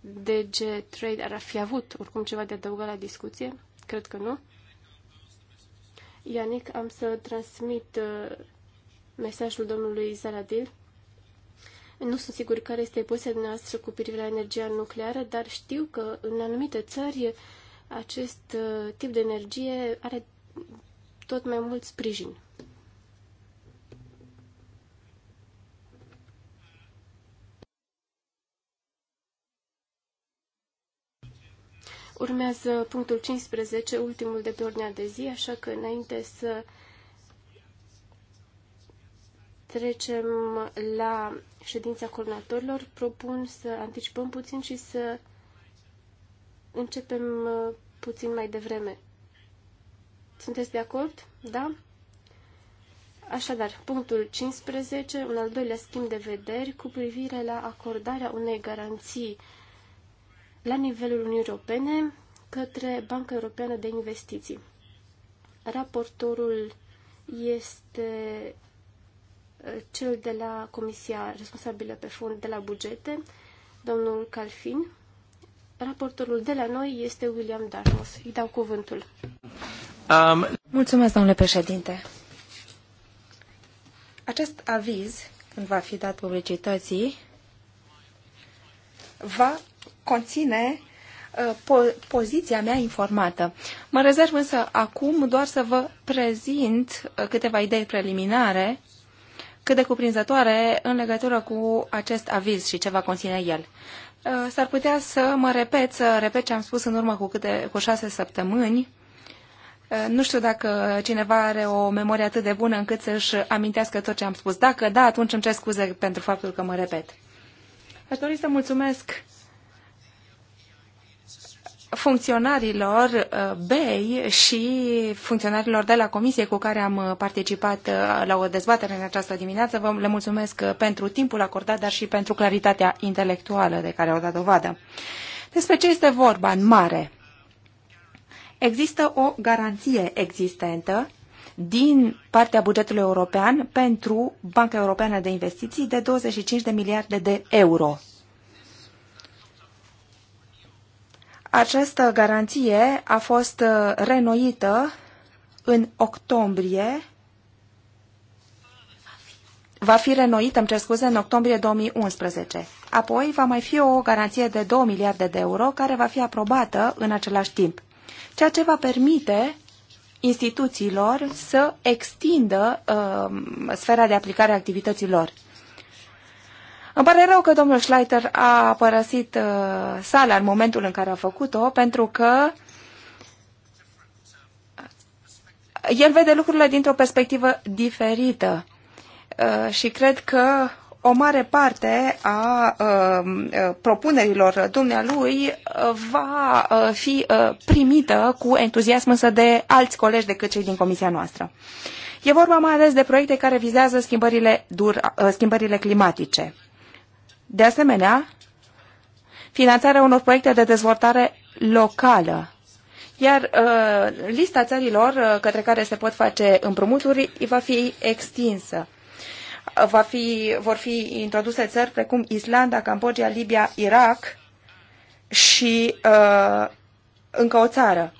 DG Trade ar fi avut oricum ceva de adăugat la discuție. Cred că nu. Ianic, am să transmit uh, mesajul domnului Zaradil. Nu sunt sigur care este poziția noastră cu privire la energia nucleară, dar știu că în anumite țări acest uh, tip de energie are tot mai mult sprijin. Urmează punctul 15, ultimul de pe ordinea de zi, așa că înainte să trecem la ședința coordonatorilor, propun să anticipăm puțin și să începem uh, puțin mai devreme. Sunteți de acord? Da? Așadar, punctul 15, un al doilea schimb de vederi cu privire la acordarea unei garanții la nivelul Uniunii Europene către Banca Europeană de Investiții. Raportorul este uh, cel de la Comisia responsabilă pe fond de la bugete, domnul Calfin. Raportorul de la noi este William Darmos. Îi dau cuvântul. Um... Mulțumesc, domnule președinte. Acest aviz, când va fi dat publicității, va conține uh, po poziția mea informată. Mă rezerv însă acum doar să vă prezint uh, câteva idei preliminare cât de cuprinzătoare în legătură cu acest aviz și ce va conține el. Uh, s-ar putea să mă repet, să repet ce am spus în urmă cu, câte, cu șase săptămâni. Nu știu dacă cineva are o memorie atât de bună încât să-și amintească tot ce am spus. Dacă da, atunci îmi cer scuze pentru faptul că mă repet. Aș dori să mulțumesc funcționarilor uh, BEI și funcționarilor de la comisie cu care am uh, participat uh, la o dezbatere în această dimineață. Vă le mulțumesc pentru timpul acordat, dar și pentru claritatea intelectuală de care au dat dovadă. Despre ce este vorba în mare? Există o garanție existentă din partea bugetului european pentru Banca Europeană de Investiții de 25 de miliarde de euro Această garanție a fost uh, renoită în octombrie. Va fi renoită, îmi cer scuze, în octombrie 2011. Apoi va mai fi o garanție de 2 miliarde de euro care va fi aprobată în același timp, ceea ce va permite instituțiilor să extindă uh, sfera de aplicare a activităților. Îmi pare rău că domnul Schleiter a părăsit uh, sala în momentul în care a făcut-o, pentru că el vede lucrurile dintr-o perspectivă diferită uh, și cred că o mare parte a uh, uh propunerilor dumnealui uh, va uh, fi uh, primită cu entuziasm însă de alți colegi decât cei din comisia noastră. E vorba mai ales de proiecte care vizează schimbările, dur, uh, schimbările climatice. De asemenea, finanțarea unor proiecte de dezvoltare locală. Iar uh, lista țărilor uh, către care se pot face împrumuturi va fi extinsă. Va fi, vor fi introduse țări precum Islanda, Cambodgia, Libia, Irak și uh, încă o țară.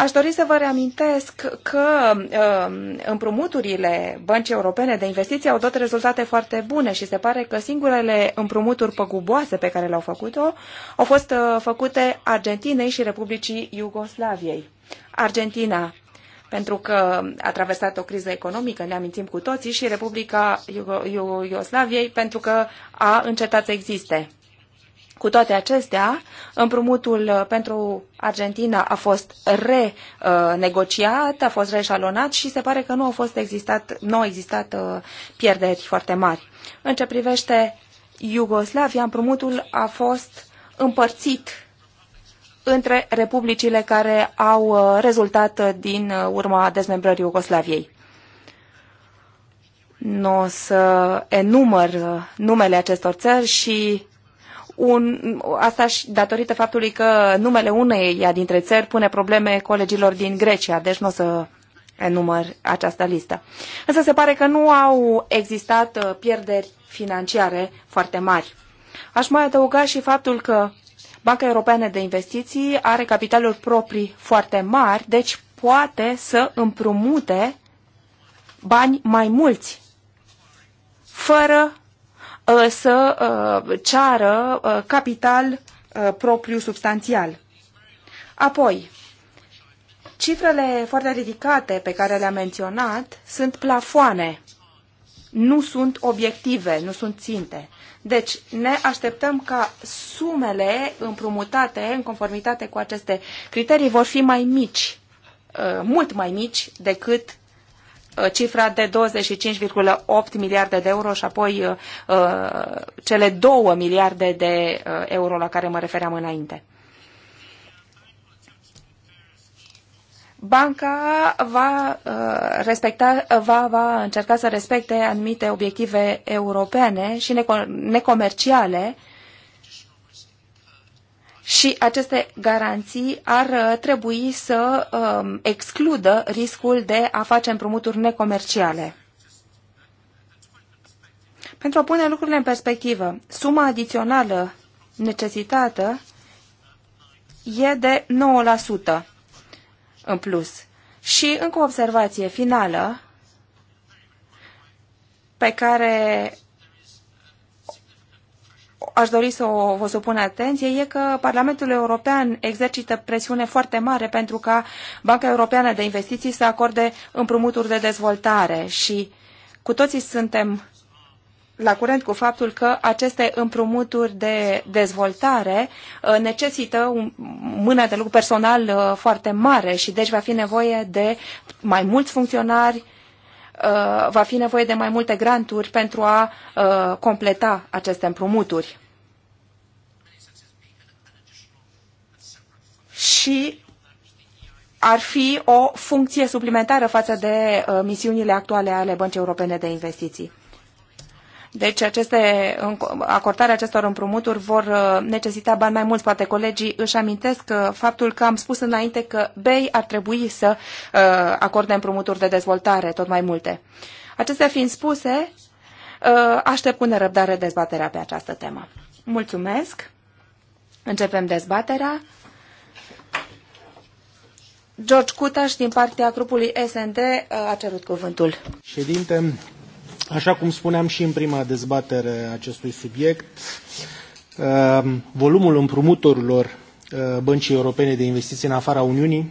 Aș dori să vă reamintesc că um, împrumuturile Băncii Europene de Investiții au dat rezultate foarte bune și se pare că singurele împrumuturi păguboase pe care le-au făcut-o au fost uh, făcute Argentinei și Republicii Iugoslaviei. Argentina pentru că a traversat o criză economică, ne amintim cu toții, și Republica Iugoslaviei pentru că a încetat să existe. Cu toate acestea, împrumutul uh, pentru Argentina a fost renegociat, a fost reșalonat și se pare că nu au fost existat, nu au existat uh, pierderi foarte mari. În ce privește Iugoslavia, împrumutul a fost împărțit între republicile care au uh, rezultat din urma dezmembrării Iugoslaviei. Nu o să enumăr numele acestor țări și un, asta și datorită faptului că numele uneia dintre țări pune probleme colegilor din Grecia, deci nu o să enumăr această listă. Însă se pare că nu au existat uh, pierderi financiare foarte mari. Aș mai adăuga și faptul că Banca Europeană de Investiții are capitaluri proprii foarte mari, deci poate să împrumute bani mai mulți, fără Uh, să uh, ceară uh, capital propriu substanțial. Apoi, cifrele foarte ridicate pe care le-am menționat sunt plafoane, nu sunt obiective, nu sunt ținte. Deci ne așteptăm ca sumele împrumutate în conformitate cu aceste criterii vor fi mai mici, mult mai mici decât Uh, cifra de 25,8 miliarde de euro și apoi uh, uh, cele 2 miliarde de euro la care mă refeream înainte. Banca va, respecta, va, va încerca să respecte anumite obiective europene și necomerciale și aceste garanții ar uh, trebui să um, excludă riscul de a face împrumuturi necomerciale. Pentru a pune lucrurile în perspectivă, suma adițională necesitată e de 9% în plus. Și încă o observație finală pe care aș dori să o vă supun atenție e că Parlamentul European exercită presiune foarte mare pentru ca Banca Europeană de Investiții să acorde împrumuturi de dezvoltare și cu toții suntem la curent cu faptul că aceste împrumuturi de dezvoltare uh, necesită un mână de lucru personal uh, foarte mare și deci va fi nevoie de mai mulți funcționari, uh, va fi nevoie de mai multe granturi pentru a completa aceste împrumuturi. și ar fi o funcție suplimentară față de uh, misiunile actuale ale Băncii Europene de Investiții. Deci aceste, acordarea acestor împrumuturi vor uh, necesita bani mai mulți. Poate colegii își amintesc uh, faptul că am spus înainte că BEI ar trebui să acorde împrumuturi de dezvoltare tot mai multe. Acestea fiind spuse, aștept cu nerăbdare dezbaterea pe această temă. Mulțumesc! Începem dezbaterea. George Cutaș, din partea grupului SND, a cerut cuvântul. Ședinte, așa cum spuneam și în prima dezbatere acestui subiect, uh, volumul împrumuturilor uh, Băncii Europene de Investiții în afara Uniunii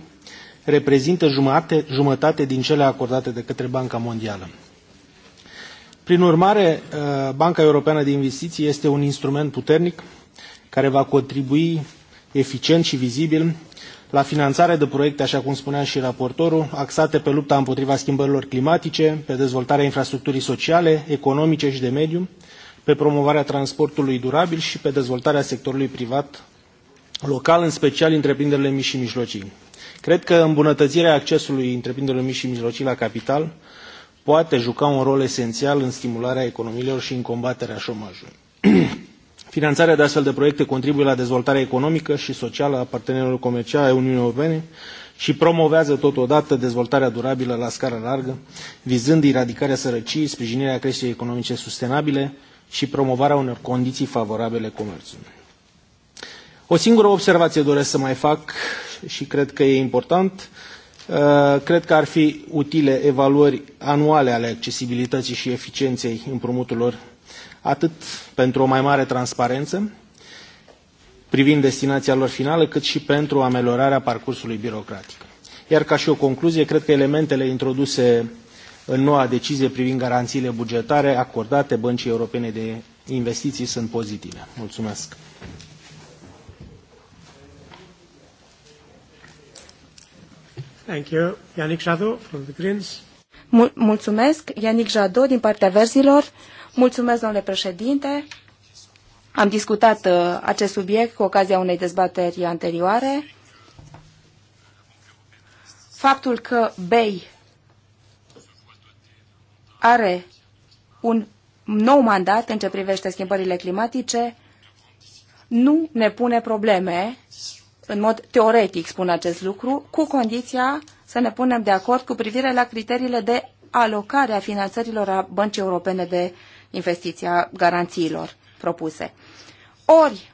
reprezintă jumate, jumătate din cele acordate de către Banca Mondială. Prin urmare, uh, Banca Europeană de Investiții este un instrument puternic care va contribui eficient și vizibil la finanțare de proiecte, așa cum spunea și raportorul, axate pe lupta împotriva schimbărilor climatice, pe dezvoltarea infrastructurii sociale, economice și de mediu, pe promovarea transportului durabil și pe dezvoltarea sectorului privat local, în special întreprinderile mici și mijlocii. Cred că îmbunătățirea accesului întreprinderilor mici și mijlocii la capital poate juca un rol esențial în stimularea economiilor și în combaterea șomajului. <clears throat> Finanțarea de astfel de proiecte contribuie la dezvoltarea economică și socială a partenerilor comerciali ai Uniunii Europene și promovează totodată dezvoltarea durabilă la scară largă, vizând eradicarea sărăciei, sprijinirea creșterii economice sustenabile și promovarea unor condiții favorabile comerțului. O singură observație doresc să mai fac și cred că e important. Uh, cred că ar fi utile evaluări anuale ale accesibilității și eficienței împrumuturilor atât pentru o mai mare transparență privind destinația lor finală, cât și pentru ameliorarea parcursului birocratic. Iar ca și o concluzie, cred că elementele introduse în noua decizie privind garanțiile bugetare acordate Băncii Europene de Investiții sunt pozitive. Mulțumesc! Thank you. Yannick Jadot from the Greens. mulțumesc, Yannick Jadot din partea verzilor. Mulțumesc, domnule președinte. Am discutat uh, acest subiect cu ocazia unei dezbateri anterioare. Faptul că BEI are un nou mandat în ce privește schimbările climatice nu ne pune probleme, în mod teoretic spun acest lucru, cu condiția să ne punem de acord cu privire la criteriile de alocare a finanțărilor a Băncii Europene de investiția garanțiilor propuse. Ori,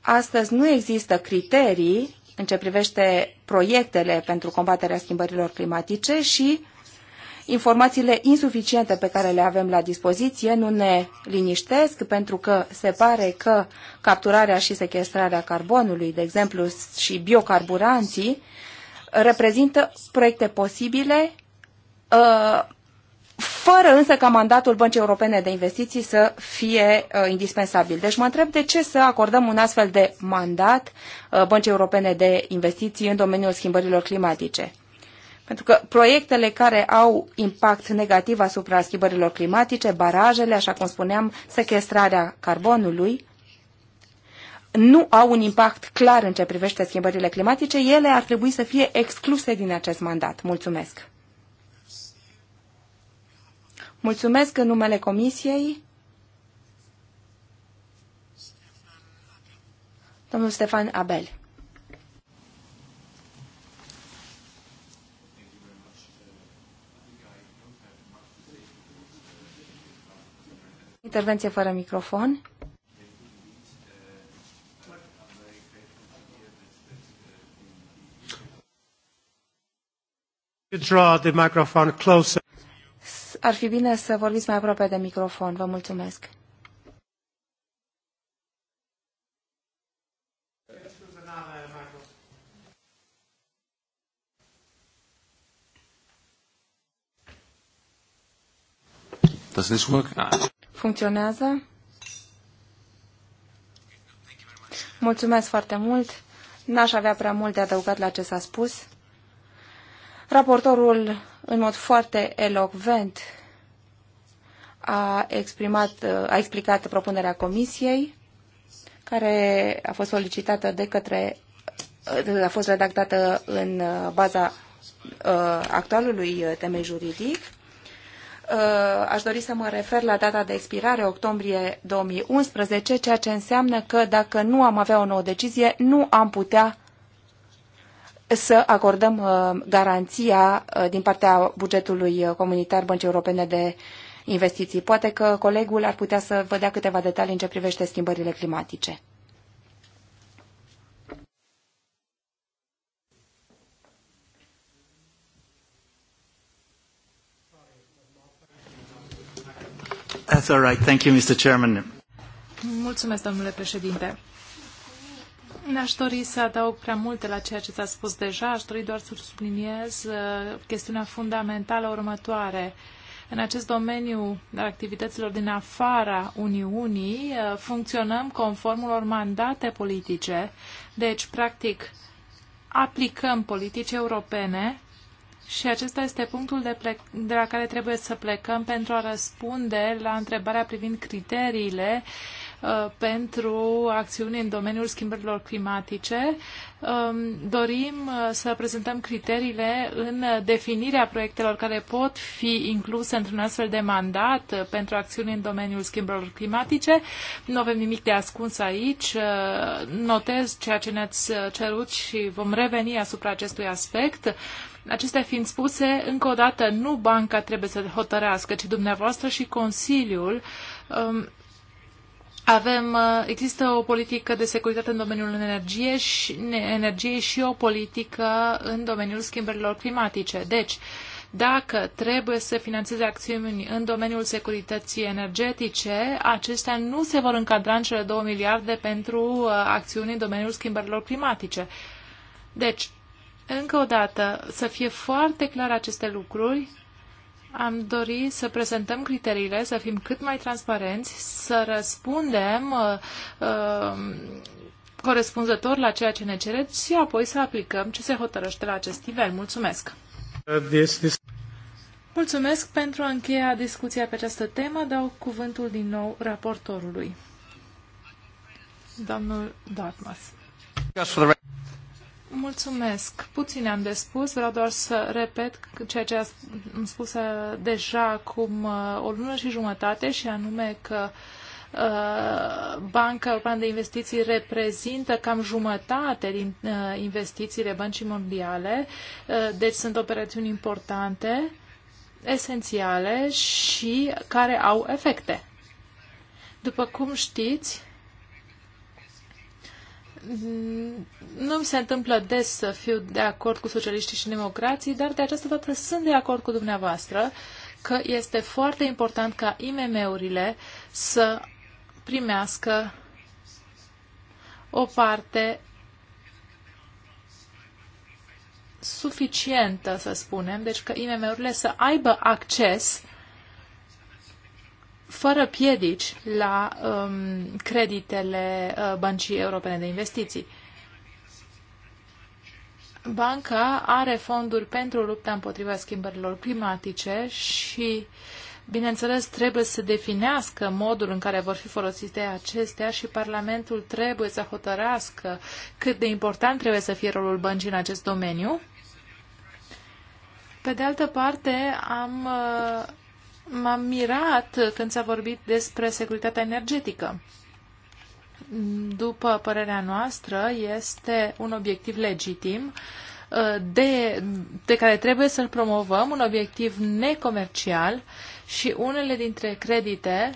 astăzi nu există criterii în ce privește proiectele pentru combaterea schimbărilor climatice și informațiile insuficiente pe care le avem la dispoziție nu ne liniștesc pentru că se pare că capturarea și sequestrarea carbonului, de exemplu, și biocarburanții reprezintă proiecte posibile uh, fără însă ca mandatul Băncii Europene de Investiții să fie uh, indispensabil. Deci mă întreb de ce să acordăm un astfel de mandat uh, Băncii Europene de Investiții în domeniul schimbărilor climatice. Pentru că proiectele care au impact negativ asupra schimbărilor climatice, barajele, așa cum spuneam, sequestrarea carbonului, nu au un impact clar în ce privește schimbările climatice, ele ar trebui să fie excluse din acest mandat. Mulțumesc! Mulțumesc în numele Comisiei. Domnul Stefan Abel. Intervenție fără microfon. Draw the microphone closer ar fi bine să vorbiți mai aproape de microfon. Vă mulțumesc. Does this work? Funcționează? Mulțumesc foarte mult. N-aș avea prea mult de adăugat la ce s-a spus. Raportorul, în mod foarte elocvent, a, exprimat, a explicat propunerea comisiei, care a fost solicitată de către a fost redactată în baza uh, actualului temei juridic. Uh, aș dori să mă refer la data de expirare, octombrie 2011, ceea ce înseamnă că dacă nu am avea o nouă decizie, nu am putea să acordăm uh, garanția uh, din partea bugetului uh, comunitar Băncii Europene de Investiții. Poate că colegul ar putea să vă dea câteva detalii în ce privește schimbările climatice. That's all right. Thank you, Mr. Chairman. Mulțumesc, domnule președinte. N-aș dori să adaug prea multe la ceea ce s-a spus deja, aș dori doar să subliniez uh, chestiunea fundamentală următoare. În acest domeniu al activităților din afara Uniunii uh, funcționăm conform unor mandate politice, deci, practic, aplicăm politici europene și acesta este punctul de, plec, de la care trebuie să plecăm pentru a răspunde la întrebarea privind criteriile uh, Uh, pentru acțiuni în domeniul schimbărilor climatice. Um, dorim uh, să prezentăm criteriile în definirea proiectelor care pot fi incluse într-un astfel de mandat uh, pentru acțiuni în domeniul schimbărilor climatice. Nu avem nimic de ascuns aici. Notez ceea ce ne-ați cerut și vom reveni asupra acestui aspect. Acestea fiind spuse, încă o dată, nu banca trebuie să hotărească, ci dumneavoastră și Consiliul um, avem, uh, există o politică de securitate în domeniul energie și, energiei și o politică în domeniul schimbărilor climatice. Deci, dacă trebuie să finanțeze acțiuni în domeniul securității energetice, acestea nu se vor încadra în cele 2 miliarde pentru uh, acțiuni în domeniul schimbărilor climatice. Deci, încă o dată, să fie foarte clar aceste lucruri, am dori să prezentăm criteriile, să fim cât mai transparenți, să răspundem uh, uh, corespunzător la ceea ce ne cereți și apoi să aplicăm ce se hotărăște la acest nivel. Mulțumesc! This, this... Mulțumesc pentru a încheia discuția pe această temă. Dau cuvântul din nou raportorului, domnul Dartmouth. Mulțumesc. Puțin am de spus, vreau doar să repet ceea ce am spus deja acum uh, o lună și jumătate și anume că uh, Banca Europeană de Investiții reprezintă cam jumătate din uh, investițiile băncii mondiale, deci sunt operațiuni importante, esențiale și care au efecte. După cum știți, Mm, nu mi se întâmplă des să fiu de acord cu socialiștii și democrații, dar de această dată sunt de acord cu dumneavoastră că este foarte important ca IMM-urile să primească o parte suficientă, să spunem, deci că IMM-urile să aibă acces fără piedici la um, creditele uh, Băncii Europene de Investiții. Banca are fonduri pentru lupta împotriva schimbărilor climatice și, bineînțeles, trebuie să definească modul în care vor fi folosite acestea și Parlamentul trebuie să hotărească cât de important trebuie să fie rolul băncii în acest domeniu. Pe de altă parte, am uh, m-am mirat când s-a vorbit despre securitatea energetică. După părerea noastră, este un obiectiv legitim uh, de, de care trebuie să-l promovăm, un obiectiv necomercial și unele dintre credite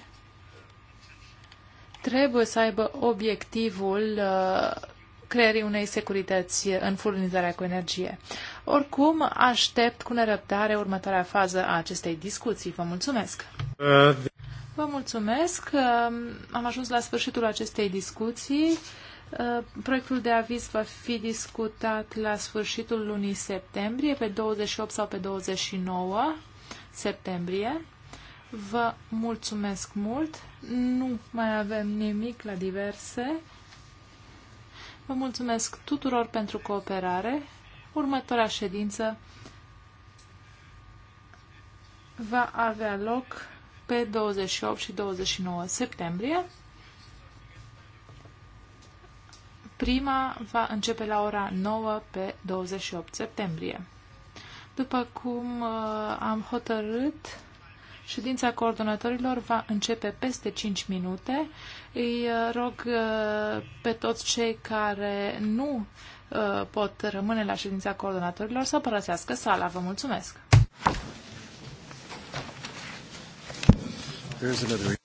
trebuie să aibă obiectivul uh, creării unei securități în furnizarea cu energie. Oricum, aștept cu nerăbdare următoarea fază a acestei discuții. Vă mulțumesc! Vă mulțumesc! Am ajuns la sfârșitul acestei discuții. Proiectul de aviz va fi discutat la sfârșitul lunii septembrie, pe 28 sau pe 29 septembrie. Vă mulțumesc mult! Nu mai avem nimic la diverse. Vă mulțumesc tuturor pentru cooperare. Următoarea ședință va avea loc pe 28 și 29 septembrie. Prima va începe la ora 9 pe 28 septembrie. După cum uh, am hotărât, Ședința coordonatorilor va începe peste 5 minute. Îi uh, rog uh, pe toți cei care nu uh, pot rămâne la ședința coordonatorilor să părăsească sala. Vă mulțumesc! another